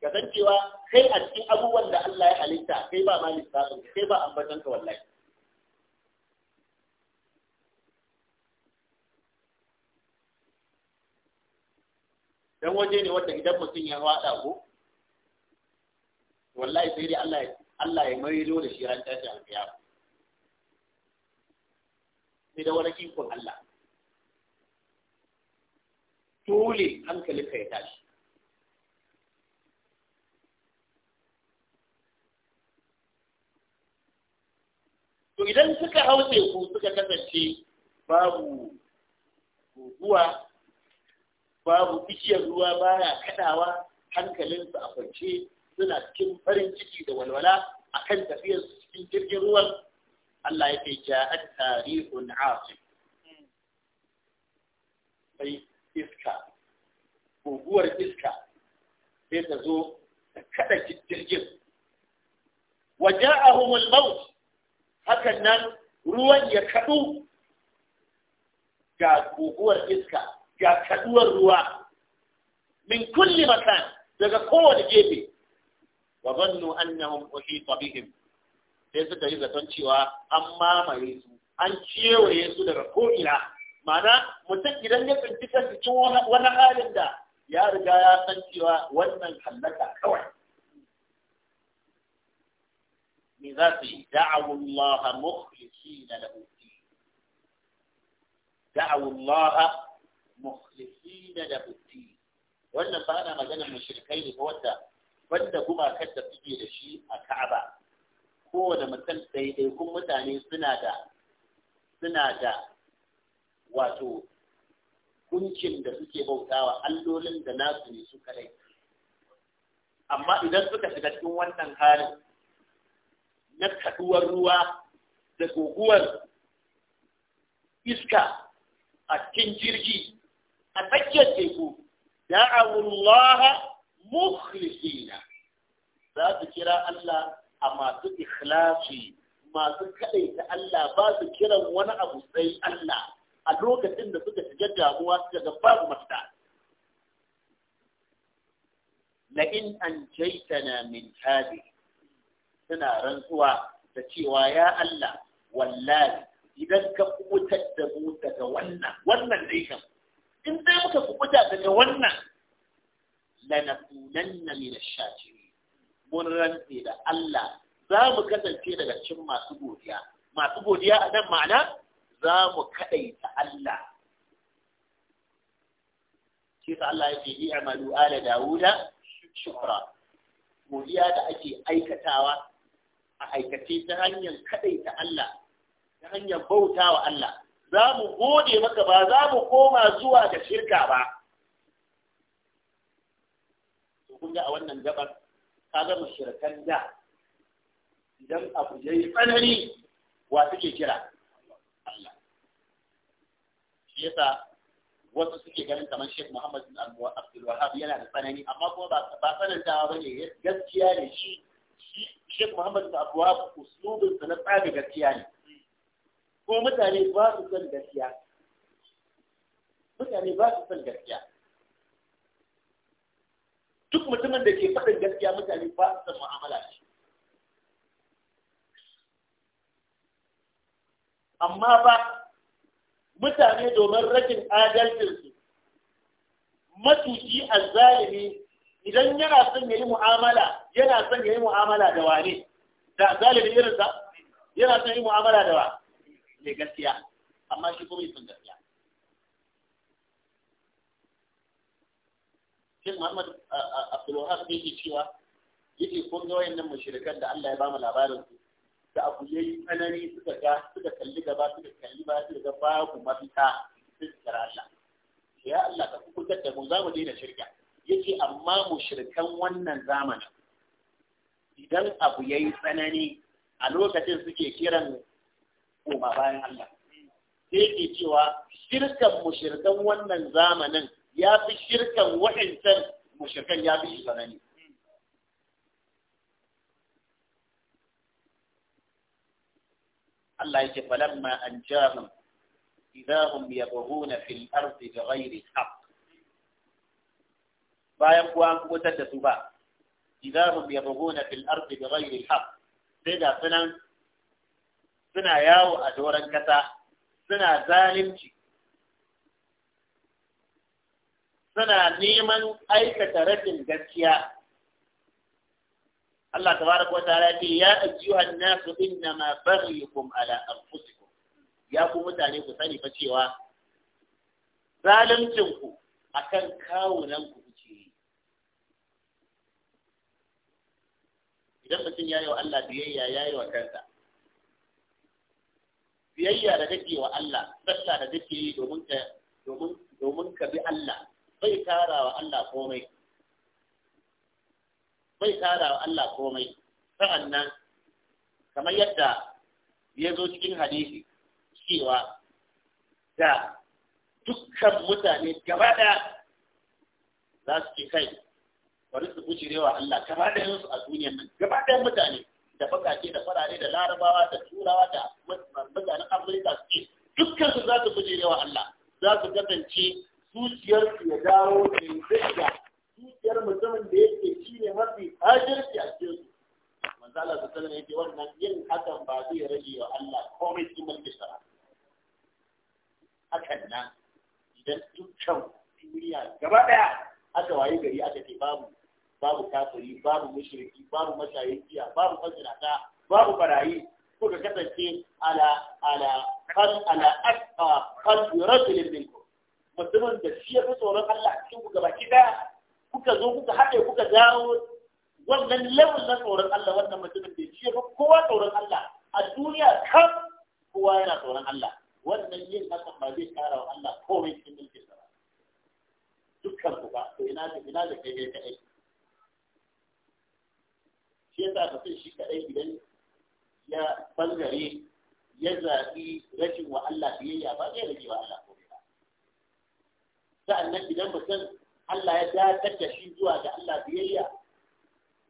[SPEAKER 1] ka san cewa kai a cikin abubuwan da Allah ya halitta kai ba ma lissafin kai ba ambatan ka wallahi dan waje ne wanda idan mutum ya wada ko wallahi sai dai Allah ya Allah ya maido da shi ran tashi alƙiyama sai da wani ikon Allah dole hankalinka ya tashi to idan suka hau teku suka kasance babu guguwa babu bishiyar ruwa baya kadawa hankalinsu a kwance suna cikin farin ciki da walwala akan tafiyar su cikin jirgin ruwan Allah ya ce a tarihun asif sai iska guguwar iska sai ta zo ta kada jirgin wa ja'ahumul maut hakan nan ruwan ya kadu ga guguwar iska ga kaduwar ruwa min kulli makan daga kowane gefe wa zannu annahum uhita bihim sai suka yi zaton cewa an mamaye su an kewaye su daga ko'ina mana mutum idan ya tsinci kansa cikin wani halin da ya riga ya san cewa wannan hallaka kawai me za su yi da'awu Allah mukhlisina lahu da'awu Allah mukhlisina lahu wannan ba ana maganar mushrikai ne ko wanda banda gumakan da suke da shi a Ka'aba kowane mutum ɗaiɗaikun mutane suna da suna da wato kuncin da suke bautawa allolin da nasu ne su kadai amma idan suka shiga cikin wannan halin na kaduwar ruwa da guguwar iska a cikin jirgi a tsakiyar teku da'awullaha mukhlisina za su kira Allah a masu ikhlasi masu kaɗaita Allah ba su kiran wani abu sai Allah a lokacin da suka shiga damuwa suka ga babu mafita la in anjaytana min hadi suna rantsuwa da cewa ya Allah wallahi idan ka kubutar da mu daga wannan wannan dai in dai muka kubuta daga wannan lanakunanna min ash-shakirin mun rantse da Allah za mu kasance daga cikin masu godiya masu godiya a nan ma'ana za mu kadaita Allah shi ta Allah ya ce i'malu ala dawuda shukra godiya da ake aikatawa a aikace ta hanyar kadaita Allah ta hanyar bautawa Allah za mu gode maka ba za mu koma zuwa ga shirka ba kun ga a wannan gabar kaga mushrikan da idan abu ya yi tsanani wa suke kira Allah shi yasa wasu suke ganin kamar Sheikh Muhammad bin Abdul Wahab yana da tsanani amma kuma ba ba ba ne gaskiya ne shi Sheikh Muhammad bin Abdul Wahab uslubin sa na tsaga gaskiya ne ko mutane ba su san gaskiya mutane ba su san gaskiya duk mutumin da ke faɗin gaskiya mutane ba su san mu'amala shi amma ba mutane domin rashin adalcinsu matuki zalimi idan yana son ya yi mu'amala yana son ya yi mu'amala da wane da zalimi irinsa yana son ya yi mu'amala da wa mai gaskiya amma shi kuma yi sun gaskiya shin Muhammad Abdul Wahab ne ke cewa yake kun ga wayannan mushrikan da Allah ya ba mu labarin su da abu yayi tsanani suka ga suka kalli gaba suka kalli ba suka ga ba ku mafita sai su kira Allah ya Allah ka kubutar da mu za mu daina shirka yake amma mushrikan wannan zamanin idan abu yayi tsanani a lokacin suke kiran koma bayan Allah sai ke cewa shirkan mushrikan wannan zamanin يا الشركة وحي سر مشركة يا بالشغلاني الله يجي فلما أنجاهم إذا هم يبغون في الأرض بغير حق بايم قوان قوتا تتوبا إذا هم يبغون في الأرض بغير الحق سيدا سنا سنا ياو أدورا كتا سنا ظالم شي suna neman aikata rashin gaskiya Allah tabaraka wa ta'ala ce ya an nasu inna ma baghyukum ala anfusikum ya ku mutane ku sani fa cewa zaluncin ku akan kawunan ku kuke idan mutum ya yi wa Allah biyayya ya yi wa kansa biyayya da take wa Allah sallah da take yi domin ka domin domin ka bi Allah bai tara wa Allah komai bai tara wa Allah komai nan kamar yadda ya zo cikin hadisi cewa da dukkan mutane gaba ɗaya za su ke kai bari su rewa Allah da yansu a duniyan nan gaba ɗayan mutane da bakake da farare da larabawa da turawa da mutanen amurka su ce dukkan su za su rewa Allah za su kasance zuciyar ya dawo da zuciya zuciyar mutumin da yake shi ne mafi hajirci a cikin su manzo Allah ta sanar yake wannan yin hakan ba zai rage wa Allah komai kimar da sara hakan nan idan dukkan duniya gaba daya aka waye gari aka ce babu babu kafiri babu mushriki babu mashayin giya babu mazinata babu barayi kuka kasance ala ala kan ala asqa qalbi rajulin minkum mutumin da shi ya fi tsoron Allah a cikin kuka baki daya kuka zo kuka haɗe kuka dawo wannan level na tsoron Allah wannan mutumin da shi ya fi kowa tsoron Allah a duniya kan kowa yana tsoron Allah wannan yin hakan ba zai kara wa Allah komai cikin mulkin sa ba dukkan ku ba to ina da ina da kai kai kai shi yasa ka sai shi kadai idan ya bangare ya zaɓi rashin wa Allah biyayya ba zai rage wa Allah ko sa'annan idan mutum Allah ya dakatar da shi zuwa ga Allah biyayya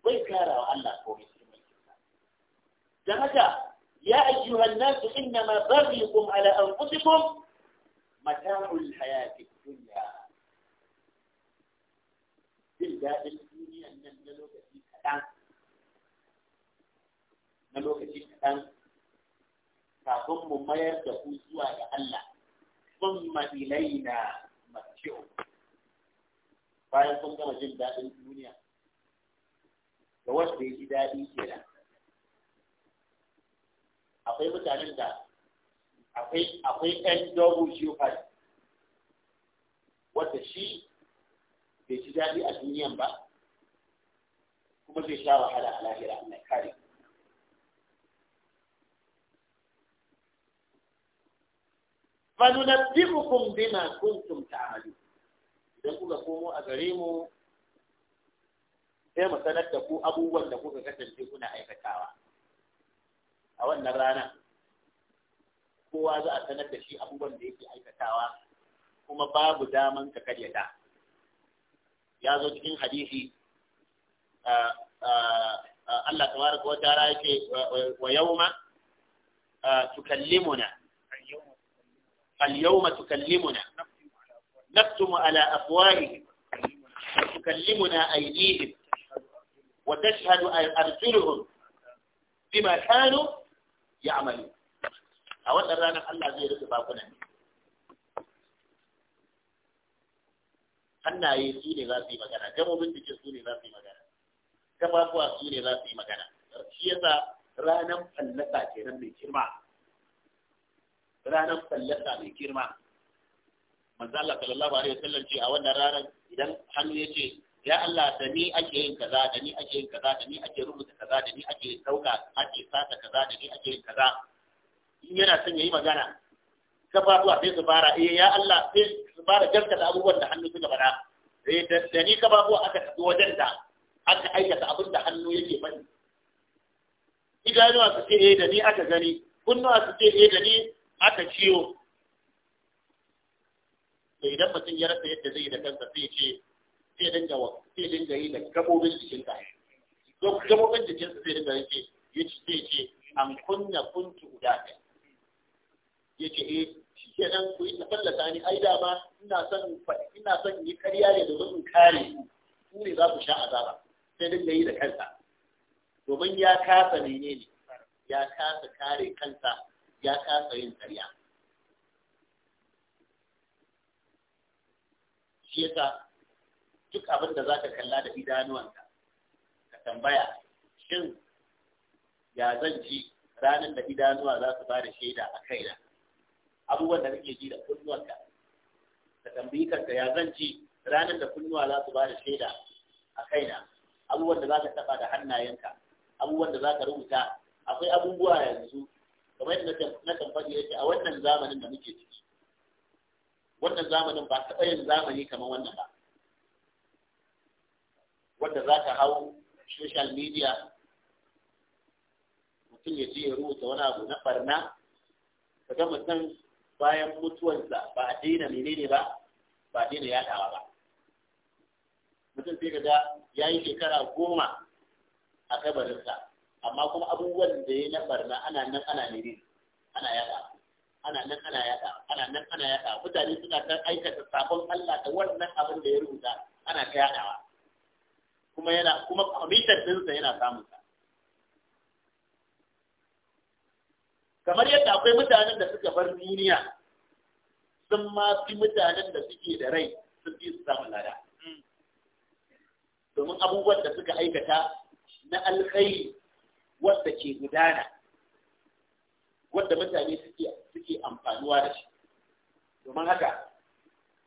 [SPEAKER 1] bai kara wa Allah komai cikin mulkin haka ya ayyuhan nas inna ma baghyukum ala anfusikum mata'ul hayatid dunya jin daɗin duniya. nan na lokaci kaɗan na lokaci kaɗan kafin mu mayar da ku zuwa ga Allah thumma ilaina kyau bayan kun gama jin daɗin duniya da wanda ya ji daɗi kenan akwai mutanen da akwai akwai ɗan dogon shi wanda shi bai ji daɗi a duniyan ba kuma zai sha wahala a lahira Allah kare فننبئكم بما كنتم تعملون idan kuka komo a gare mu sai mu sanar da ku abubuwan da kuka kasance kuna aikatawa a wannan rana kowa za a sanar da shi abubuwan da yake aikatawa kuma babu daman ka karyata ya zo cikin hadisi Allah tabaraka wa ta'ala yake wa yawma tukallimuna اليوم تكلمنا نكتم على أفواههم وتكلمنا أيديهم وتشهد أرسلهم بما كانوا يعملون أولا رانا الله زي رتباقنا أنا يسوني غافي مغانا كم من تجسوني غافي مغانا كم أفوا سوني غافي مغانا شيئا رانا فلنسا كنا من كرمان ranar fallasa mai girma manzo Allah sallallahu alaihi wasallam ce a wannan ranar idan hannu yace ya Allah da ni ake yin kaza da ni ake yin kaza da ni ake rubuta kaza da ni ake sauka ake sata kaza da ni ake yin kaza in yana son yayi magana kafafuwa sai su fara eh ya Allah sai su fara da abubuwan da hannu suka faɗa sai eh, da ni kafafuwa aka tafi wajen da aka aikata abin da hannu yake bani idanuwa su ce eh da ni aka gani kunnuwa su ce eh da ni aka ciwo da idan mutum ya rasa yadda zai da kansa sai ce sai dinga sai dinga yi da gabobin jikin ka to gabobin jikin sa sai dinga yake yace sai ce an kunna kuntu guda yace eh shi ke nan ku yi tafallata ni ai da ma ina son ina son yi kariya ne domin in kare ku ku ne za ku sha azaba sai dinga yi da kansa domin ya kasa menene ya kasa kare kansa ya kasa yin karya shi yasa duk abin da za ka kalla da idanuwanka ka tambaya shin ya zan ci ranar da idanuwa za su ba da shaida a kaina abubuwan da kake ji da kunnuwanka ka tambayi kanka ya zan ci ranar da kunnuwa za su ba da shaida a kaina abubuwan da za ka taba da hannayenka abubuwan da za ka rubuta akwai abubuwa yanzu kamar yadda na kan faɗi yake a wannan zamanin da muke ciki wannan zamanin ba taɓa yin zamani kamar wannan ba wanda za ka hau social media mutum ya je ya rubuta wani abu na barna kaga mutum bayan mutuwarsa ba a daina menene ba ba a daina yaɗawa ba mutum sai ga ya yi shekara goma a kabarinsa amma kuma abubuwan da ya na barna ana nan ana niri ana yada ana nan ana yada ana nan ana yada mutane suna kan aikata sabon Allah da wannan abin da ya rubuta ana ta yadawa kuma yana kuma committed din sa yana samun sa kamar yadda akwai mutanen da suka bar duniya sun ma fi mutanen da suke da rai sun fi su samun lada hmm. domin abubuwan da suka aikata na alkhairi wadda ke gudana wadda mutane suke amfanuwa da shi domin haka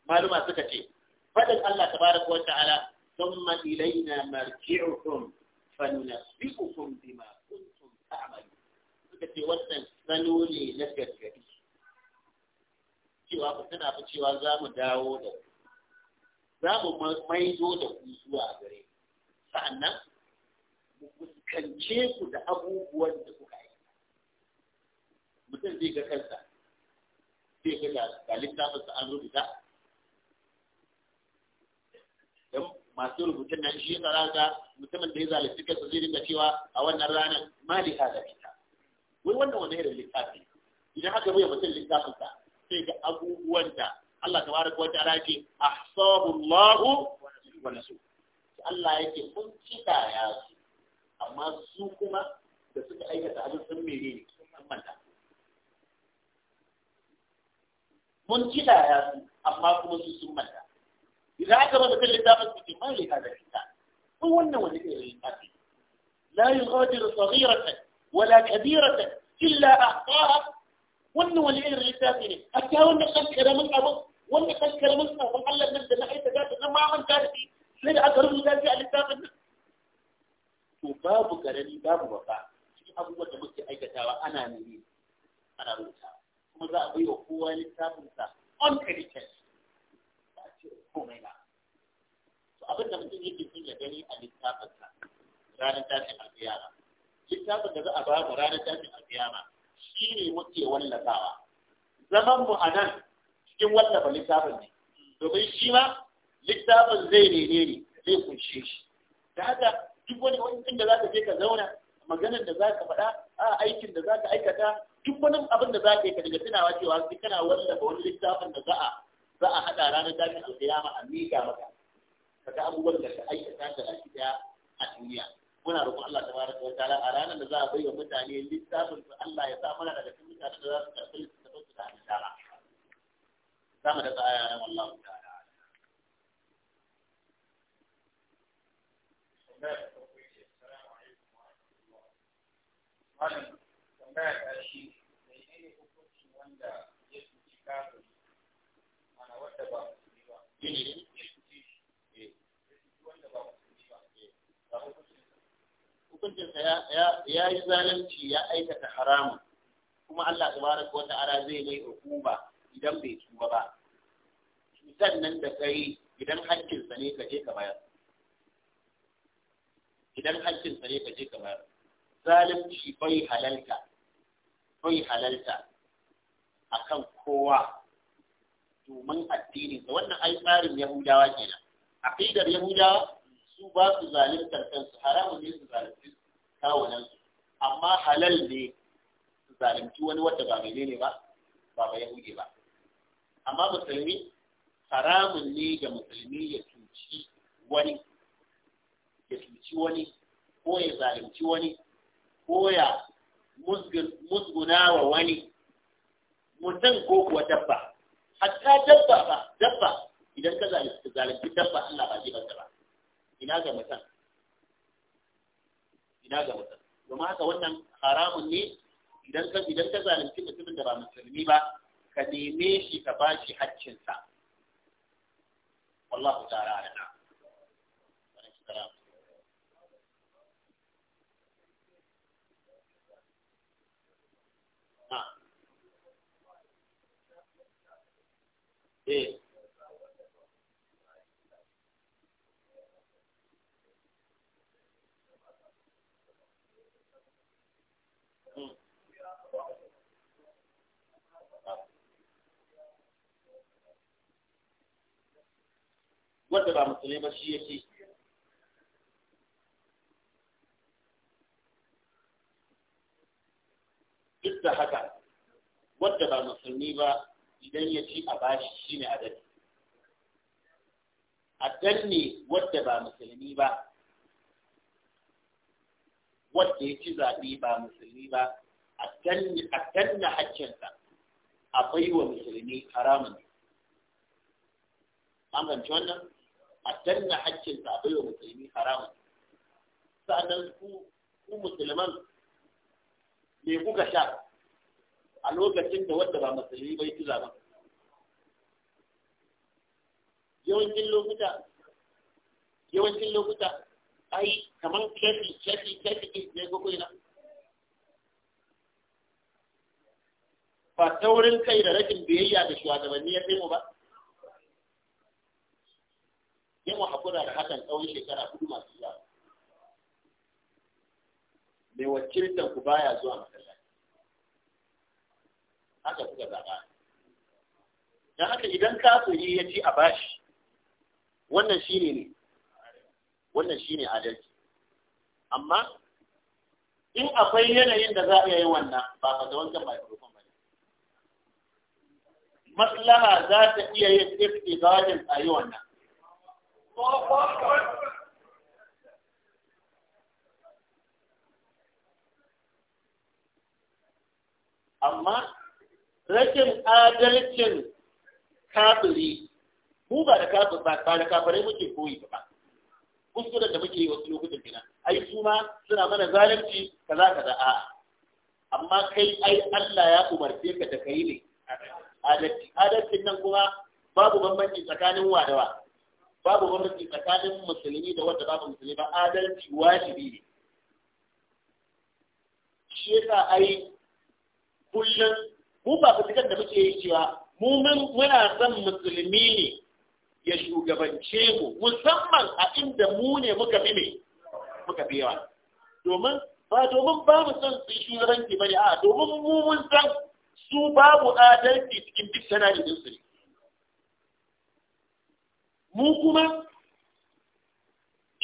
[SPEAKER 1] maluma suka ce faɗin Allah Ta tabaraka wa ta'ala thumma ilaina marji'ukum fanunabbi'ukum bima kuntum ta'malun suka ce wannan salo ne na gargadi cewa ku tana fi cewa za mu dawo da ku za mu maido da ku zuwa gare sa'annan mu kance ku da abubuwan da kuka yi mutum zai ga kansa zai ga ga littafin sa an rubuta dan masu rubutun nan shi yasa ga mutumin da ya zalunci kansa zai rinka cewa a wannan ranar mali da kita wai wannan wani irin littafi idan haka bai mutum littafin sa sai ga abubuwan da Allah tabaraka wa ta'ala yake ahsabu Allahu wa nasu Allah yake mun ya su amma su kuma da suka aikata abin sun mere ne sun manta mun kida ya su amma kuma su sun manta idan aka bada kan littafin su ke mai ka da kita ko wannan wani irin littafi la yughadir saghirata wala kabirata illa ahsaha wannan wani irin littafi ne a kyawun da kan karamin abu wanda kan karamin sabon Allah nan da na aita da ta zama manta da shi sai da aka rubuta shi a littafin nan to babu garani babu baka cikin abubuwan da muke aikatawa ana nuni ana rubuta kuma za a baiwa kowa littafin sa on credit ba shi ce komai ba to abin da mutum yake son ya gani a littafin sa ranar tashin alƙiyama littafin da za a bamu ranar tashin alƙiyama shi ne muke wallafawa zaman mu a nan cikin wallafa littafin ne domin shi ma littafin zai ne ne zai kunshe shi da haka duk wani inda za ka je ka zauna maganar da za ka faɗa a aikin da za ka aikata duk wani abin da za ka yi ka daga tunawa cewa sai kana wallafa wani littafin da za a za a haɗa ranar tashin alƙiyama a miƙa maka kaga abubuwan da ka aikata da ake ɗaya a duniya muna roƙon Allah ta tabaraka wa ta'ala a ranar da za a bayyana mutane littafin su Allah ya sa mana daga cikin mutanen da za su karɓi littafin su da Za mu da tsaya ran Allah ta'ala Malam, tambaya ta shi, mai ne hukunci wanda ya tuki kafin mana wadda ba musulmi ba. Eh. Eh. Eh. Hukuncinsa ya yi zalunci ya aikata haramun, kuma Allah tabaraka wa ta'ala zai mai hukuma idan bai tuba ba. Cutar nan da kai idan hakkinsa ne ka je ka bayar. Idan hakkinsa ne ka je ka bayar. zalunci bai halalta bai halalta akan kowa domin addinin da wannan ai tsarin yahudawa kenan aqidar yahudawa su ba su zaluntar kansu haramun ne su zalunci kawunan su amma halal ne su zalunci wani wanda ba mai ne ba ba ba yahudi ba amma musulmi haramun ne ga musulmi ya tuci wani ya wani ko ya zalunci wani koya musguna wa wani mutum ko kuwa dabba hatta dabba ba dabba idan ka zalunci dabba Allah ba ji banta ba ina ga mutum ina ga mutum domin haka wannan haramun ne idan ka idan ka zalunci mutumin da ba musulmi ba ka neme shi ka ba shi haccinsa wallahu ta'ala a'lam eh hmm. wanda ba musulmi ba shi yake duk da haka wanda ba musulmi ba idan ya ci a bashi shi shine a adal ne wadda ba musulmi ba wadda ya ci zaɓe ba musulmi ba a na haccinsa a baiwa musulmi haramun an ganci wannan a na haccinsa a baiwa musulmi haramun sa'annan ku musulman me kuka sha a lokacin da wanda ba musulmi bai ci ba. yawancin lokuta yawancin lokuta ai kamar kefi kefi kefi ne ko koina ba ta wurin kai da rashin biyayya da shugabanni ya kai mu ba yin hakura da hakan tsawon shekara hudu masu yawa mai wakiltar ku baya zuwa makaranta haka suka zaɓa don haka idan kafiri ya ci a bashi wannan shi ne wannan shine adalci amma in akwai yanayin da za a yi wannan ba ka da wancan microphone ba ne maslaha za ta iya yin iftibalin a yi wannan amma rashin adalcin kafiri mu ba da kafir ba ba da kafirai muke koyi ba kuskuren da muke yi wasu lokutan gina ai su ma suna mana zalunci kaza kaza a amma kai ai Allah ya umarce ka da kai ne adalci adalcin nan kuma babu bambanci tsakanin wa da wa babu bambanci tsakanin musulmi da wanda babu musulmi ba adalci wajibi ne shi yasa ai kullum mu ba fitikan da muke yi cewa mu muna son musulmi ne ya shugabance mu musamman a inda mu ne muka fi ne muka bi yawa domin ba domin ba mu son su shugabanci bane a domin mu mun san su babu adalci cikin duk sanari din su ne mu kuma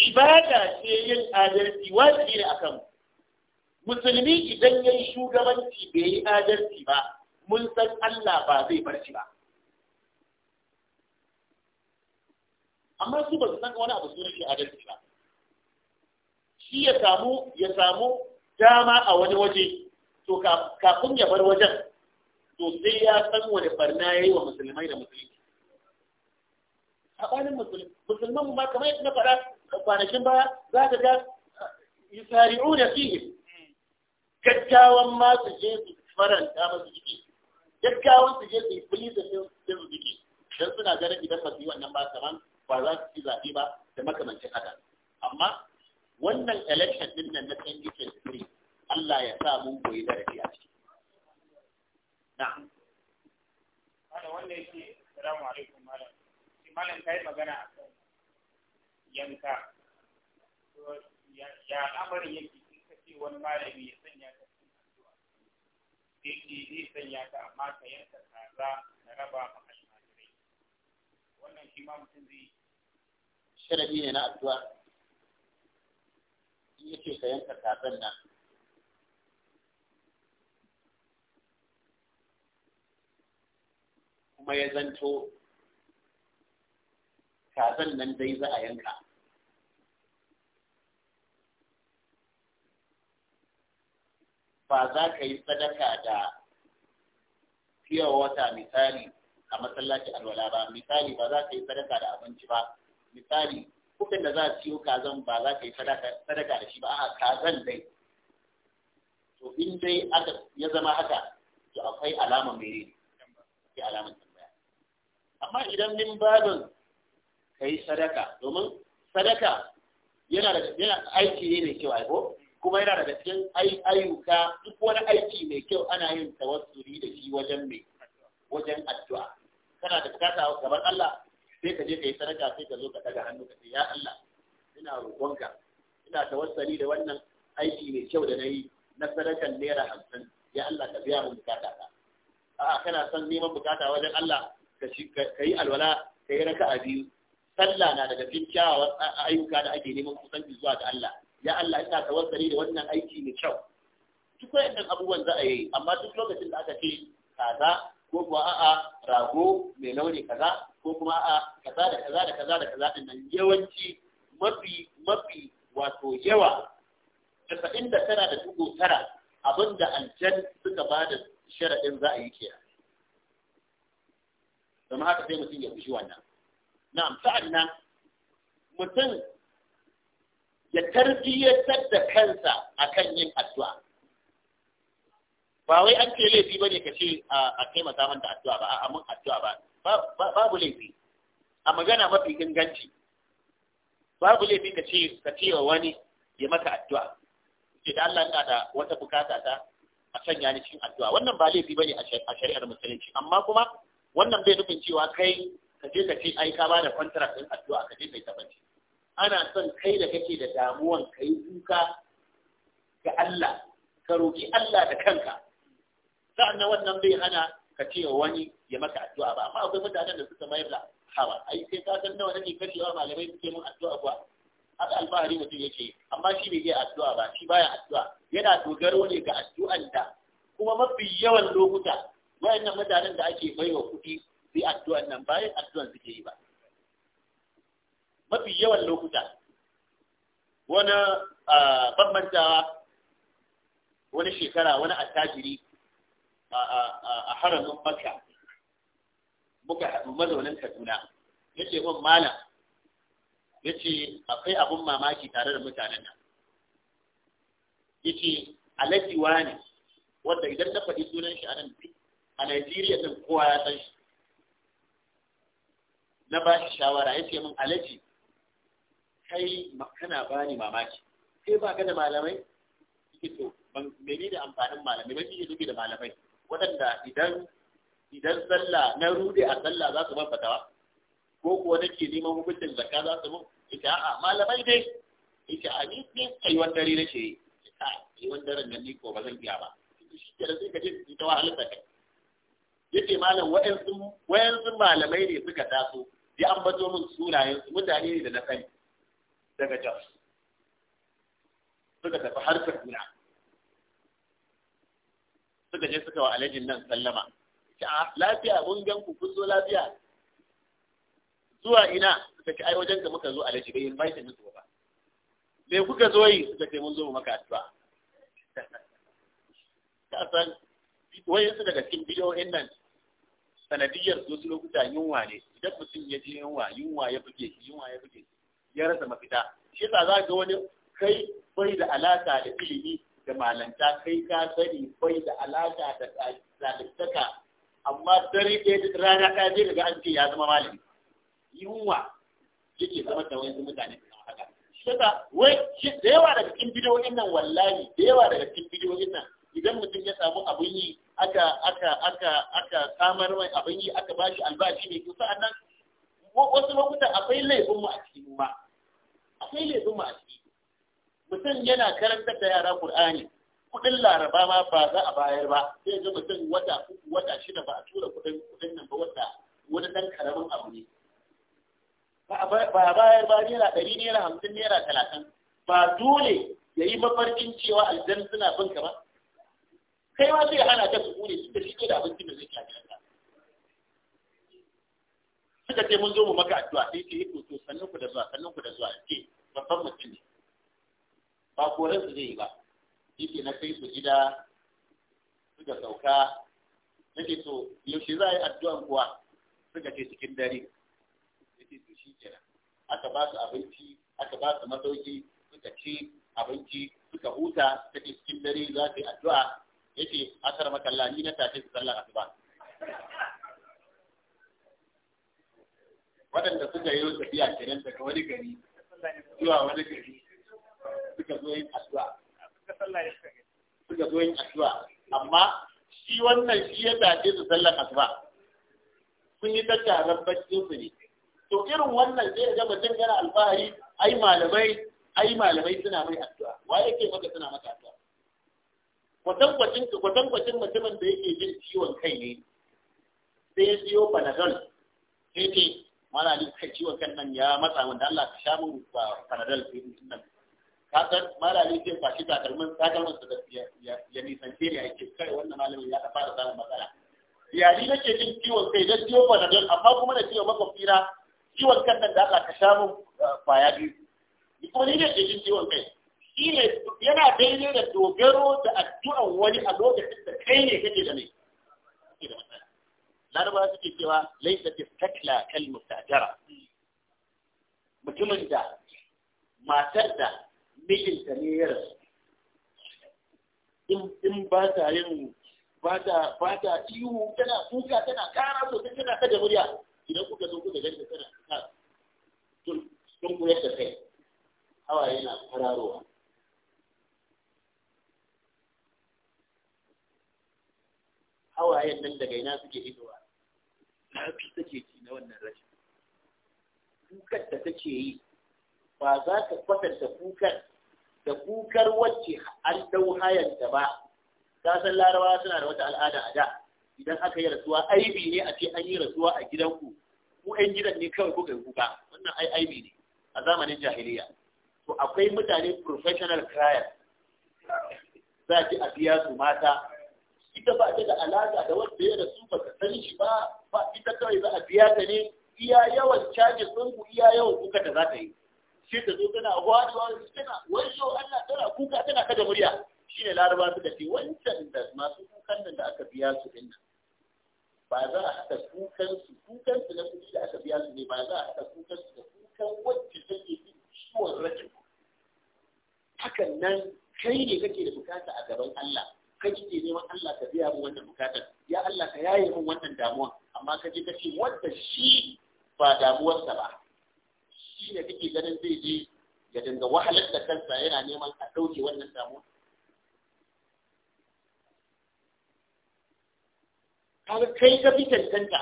[SPEAKER 1] ibada ce yin adalci wajibi ne akan musulmi idan yi shugabanci bai yi adalci ba mun san Allah ba zai barci ba amma su ba su san wani abu sunan shi adalci ba shi ya samu ya samu dama a wani waje to kafin ya bar wajen to sai ya san wani barna ya yi wa musulmai da musulmi saɓanin musulmi musulman ma kamar yadda na faɗa kwanakin ba za ka ga yusari'u da fiye gaggawan masu su je su faranta masu jiki gaggawan su je su yi da din din zuke don suna ganin idan ba su yi wannan ba kaman ba za su ci zaɓe ba da makamancin haka amma wannan election din nan na 2023 Allah ya sa mun koyi darasi a ciki na'am
[SPEAKER 2] ana wanda yake assalamu alaikum malam shi malam kai magana a kan yanka ya al'amarin yake sun kace wani malami ya yake zai sanya ka amma ka yanka kaza na raba makashin almajirai wannan shi ma mutum zai
[SPEAKER 1] sharadi ne na addu'a in yake ka yanka kazan nan kuma ya zanto kazan nan dai za a yanka ba za ka yi sadaka da fiye wata misali a masallaci alwala ba misali ba za ka yi sadaka da abinci ba misali kukin da za a ciyo kazan ba za ka yi sadaka da shi ba a kazan dai to in dai ya zama haka to akwai alama mai ne alamun tambaya amma idan min babin ka yi sadaka domin sadaka yana aiki ne mai kyau aiko kuma yana daga cikin ayyuka duk wani aiki mai kyau ana yin tawassuli da shi wajen mai wajen addu'a kana da bukata gaban Allah sai ka je ka yi sadaka sai ka zo ka daga hannu ka ce ya Allah ina roƙonka ina tawassuli da wannan aiki mai kyau da nayi na sadakan naira hamsin ya Allah ka biya min bukata ta a'a kana son neman bukata wajen Allah ka yi alwala ka yi raka'a biyu sallah na daga cikin kyawawan ayyuka da ake neman kusanci zuwa ga Allah ya Allah ina tawassali da wannan aiki mai kyau duk wannan abubuwan za a yi amma duk lokacin da aka ce kaza ko kuwa a'a rago mai launi kaza ko kuma a'a kaza da kaza da kaza da kaza din nan yawanci mafi mafi wato yawa casa'in da tara da dubu tara abinda aljan suka ba da sharaɗin za a yi kenan domin haka sai mutum ya fushi wannan na'am sa'an nan mutum ya tarbiyyatar da kansa akan yin addu'a ba wai an ce laifi bane ka ce a taimaka man da addu'a ba a mun addu'a ba babu laifi a magana mafi inganci babu laifi ka ce ka ce wa wani ya maka addu'a ce da Allah ina da wata bukata ta a sanya ni cikin addu'a wannan ba laifi bane a shari'ar musulunci amma kuma wannan bai nufin cewa kai ka je ka ce ai ka bada contract din addu'a ka je kai tabbaci ana son kai da kake da damuwan kayi kuka ga Allah ka roƙi Allah da kanka sa'annan wannan bai hana ka ce wani ya maka addu'a ba amma akwai mutanen da suka mayar da hawa ai sai ka san nawa nake kashewa malamai suke mun addu'a kuwa haka alfahari mutum yake amma shi bai yi addu'a ba shi baya addu'a yana dogaro ne ga addu'an da kuma mafi yawan lokuta wayannan mutanen da ake baiwa kuɗi sai addu'an nan bayan addu'an suke yi ba mafi yawan lokuta wani bambantawa wani shekara wani attajiri a haramin makka muka haɗu mazaunin kaduna ya ce min malam ya ce akwai abin mamaki tare da mutanen nan ya ce alajiwa ne wanda idan na faɗi sunan shi a nan a Najeriya ɗin kowa ya san shi na ba shi shawara ya ce min alaji kai kana bani mamaki kai ba ka da malamai kike to ban mene da amfanin malamai ban kike dubi da malamai waɗanda idan idan sallah na rude a sallah za su ban fatawa ko kuwa nake neman hukuncin zakka za su mun ita a malamai dai ita a ni ne wanda dare nake ita a wanda daren nan ni ko ba zan biya ba shi kenan sai ka je ita wahalar da kai yace malam wa'ansu wa'ansu malamai ne suka taso ya ambato min sunayen mutane ne da na sani daga Jos suka tafi har Kaduna suka je suka wa alhajin nan sallama a ah, lafiya mun gan ku kun zo lafiya zuwa ina suka ce ai wajen ka muka zo alhaji bai invite mu zuwa ba me kuka zo yi suka ce mun zo maka addu'a ka san wai su daga cikin bidiyoyin nan sanadiyar su lokuta yunwa ne idan mutum ya je yunwa yunwa ya buge shi yunwa ya buge shi ya rasa mafita shi yasa za ga wani kai bai da alaka da ilimi da malanta kai ka sani bai da alaka da zalittaka amma dare ɗaya rana ɗaya zai daga an ce ya zama malami yunwa yake zama da wani mutane da haka shi yasa wai da yawa daga cikin bidiyoyin nan wallahi da yawa daga cikin bidiyoyin nan idan mutum ya samu abin yi aka aka aka aka samar mai abin yi aka bashi albashi ne to sa'an nan wasu lokutan akwai laifin mu a cikin ma Sai laifin ma a ciki mutum yana karantar da yara Qur'ani kudin laraba ma ba za a bayar ba sai ga mutum wata uku wata shida ba a tura kudin kudin nan ba wata wani dan karamin abu ne ba a bayar ba naira ɗari naira hamsin naira talatin ba dole ya yi mafarkin cewa aljan suna bin ka ba kai ma sai hana ta su ne su shi da abinci da zai kyafi suka ce mun zo mu maka addu'a sai ce eh, to to sannan ku da zuwa sannan ku da zuwa ce babban mutum ne ba koran su zai yi ba yake na kai su gida suka sauka nake so yaushe za a yi addu'an kuwa suka ce cikin dare yake to shi kenan aka ba su abinci aka ba su masauki suka ci abinci suka huta take cikin dare za ta yi addu'a yake asar makalla ni na tafi sallar asuba waɗanda suka yi tafiya kenan daga wani gari zuwa wani gari suka zo yin asuwa, suka zo yin asuwa amma shi wannan shi ya dace su sallar asuwa. sun yi tattaran baccin su ne to irin wannan zai ga mutum yana alfahari ai malamai ai malamai suna mai asuwa. wa yake maka suna maka asuwa? kwatankwacin kwatankwacin mutumin da yake jin ciwon kai ne sai ya siyo panadol sai mana ji kai ciwon kan nan ya matsa wanda Allah ka sha mun faradal din nan kasar malami zai kwashi takalmin takalmin da ya ce ya yake kai wannan malamin ya fara samun matsala Ya ni nake jin ciwon kai da ciwon panadol amma kuma da ciwon makwabcina ciwon kan nan da aka ka sha mun ya biyu ni kuma ni nake jin ciwon kai shi ne yana daidai da dogaro da addu'an wani a lokacin da kai ne kake da mai laraba suke cewa laisa tistakla kal mustajara mutumin da matar da mijinta ne ya rasu in ba ta yin ba ta ba ta ihu tana kuka tana kara sosai tana kada murya idan kuka zo kuka ganta tana kuka tun tun koyar da kai hawa yana kararowa hawayen nan daga ina suke hidowa? zafi take ci na wannan rashin kukar da take yi ba za ka kwatanta kukar da kukar wacce an dau hayanta ba ta san larawa suna da wata al'ada a da idan aka yi rasuwa aibi ne a ce an yi rasuwa a gidanku ku ɗan gidan ne kawai kuka yi kuka wannan ai aibi ne a zamanin jahiliya to akwai mutane professional crier za ki a biya su mata ita ba ta da alaƙa da wanda ya rasu ba ka sani shi ba ba ita kawai za a biya ta ne iya yawan cajin ku iya yawan kuka da za ta yi sai ta zo tana shi tana wayo Allah tana kuka tana kada murya Shi ne laraba suka ce wancan da masu kukan nan da aka biya su ɗin nan ba za a haɗa kukan su kukan su na kuɗi da aka biya su ne ba za a haɗa kukan su da kukan wacce take jin ciwon rashin hakan nan kai ne kake da bukata a gaban Allah kai ke neman Allah ka biya min wannan bukatar ya Allah ka yaye min wannan damuwa amma ka je kace wanda shi ba damuwarsa ba shi ne kake ganin zai je ya dinga wahalar da kansa yana neman a ɗauke wannan damuwa kaga kai ka fi cancanta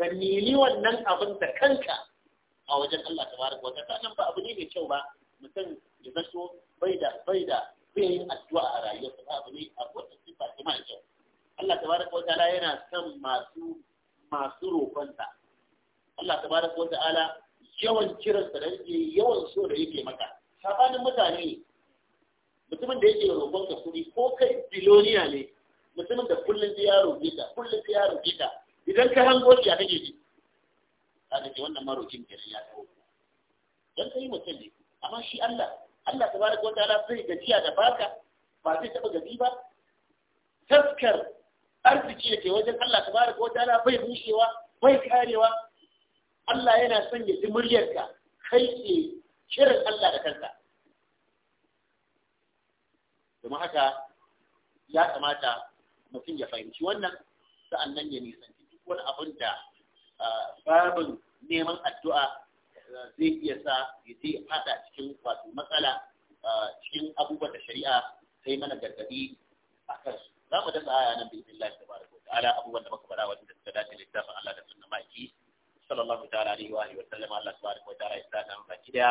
[SPEAKER 1] ka nemi wannan abin da kanka a wajen Allah tabaraka wa ta'ala nan ba abu ne mai kyau ba mutum ya zato bai da bai da zai yi addu'a a rayuwarsa ba abu ne a wata sifa ta mai kyau Allah tabaraka wa ta'ala yana son masu masu roƙonsa Allah tabaraka wa ta'ala yawan kiransa da yake yawan so da yake maka sabanin mutane mutumin da yake roƙon ka kuɗi ko kai biloniya ne mutumin da kullum ya roƙe ka kullum ya roƙe ka idan ka hango shi a kake ji ka ga wannan marokin kenan ya kawo dan kai mutum ne amma shi Allah Allah ta tabaraka wa ta'ala zai gajiya da baka ba zai taba gaji ba Tafkar arziki yake wajen Allah ta tabaraka wa ta'ala bai bushewa bai karewa Allah yana son ya ji muryarka kai ke kiran Allah da kanka domin haka ya kamata mutum ya fahimci wannan nan ya nisanci duk wani abin da ah, babin neman addu'a zai iya sa ya je hada cikin wato matsala cikin abubuwan da shari'a sai mana gargadi a kansu za mu dasa aya nan bi'in Allah tabaraka wa ala abubuwan da muka fara wanda suka dace littafin Allah da sunna maki sallallahu ta'ala alaihi wa alihi wa sallam Allah tabaraka wa ta'ala ya sa nan baki daya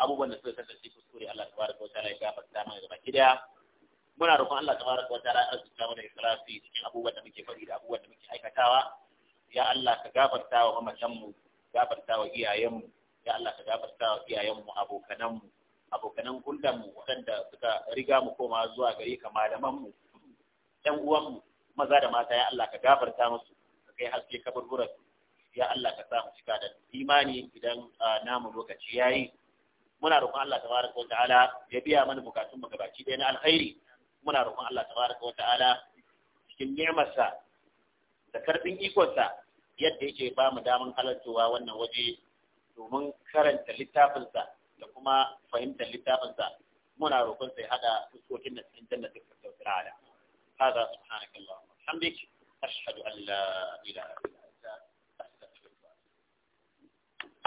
[SPEAKER 1] abubuwan da suka kasance kuskure Allah tabaraka wa ala ya gafarta mana baki daya muna roƙon Allah tabaraka wa ala ya arzuta mana ikhlasi cikin abubuwan da muke faɗi da abubuwan da muke aikatawa ya Allah ka gafarta wa mamatanmu gafarta wa iyayenmu ya Allah ka gafarta wa iyayenmu abokananmu abokanan mu. waɗanda suka riga mu koma zuwa gari ka malamanmu ƴan uwanmu maza da mata ya Allah ka gafarta musu ka kai haske su ya Allah ka sa mu cika da imani idan namu lokaci yayi muna roƙon Allah tabaraka wa ta'ala ya biya mana bukatun mu gabaci ɗaya na alkhairi muna roƙon Allah tabaraka wa ta'ala cikin ni'marsa da karfin ikonsa yadda yake ba mu daman halartowa wannan waje domin karanta littafinsa da kuma fahimtar littafinsa muna roƙon sai hada fuskokin da cikin jannatin firdausi ala hada subhanakallahumma hamdik ashhadu an la ilaha illa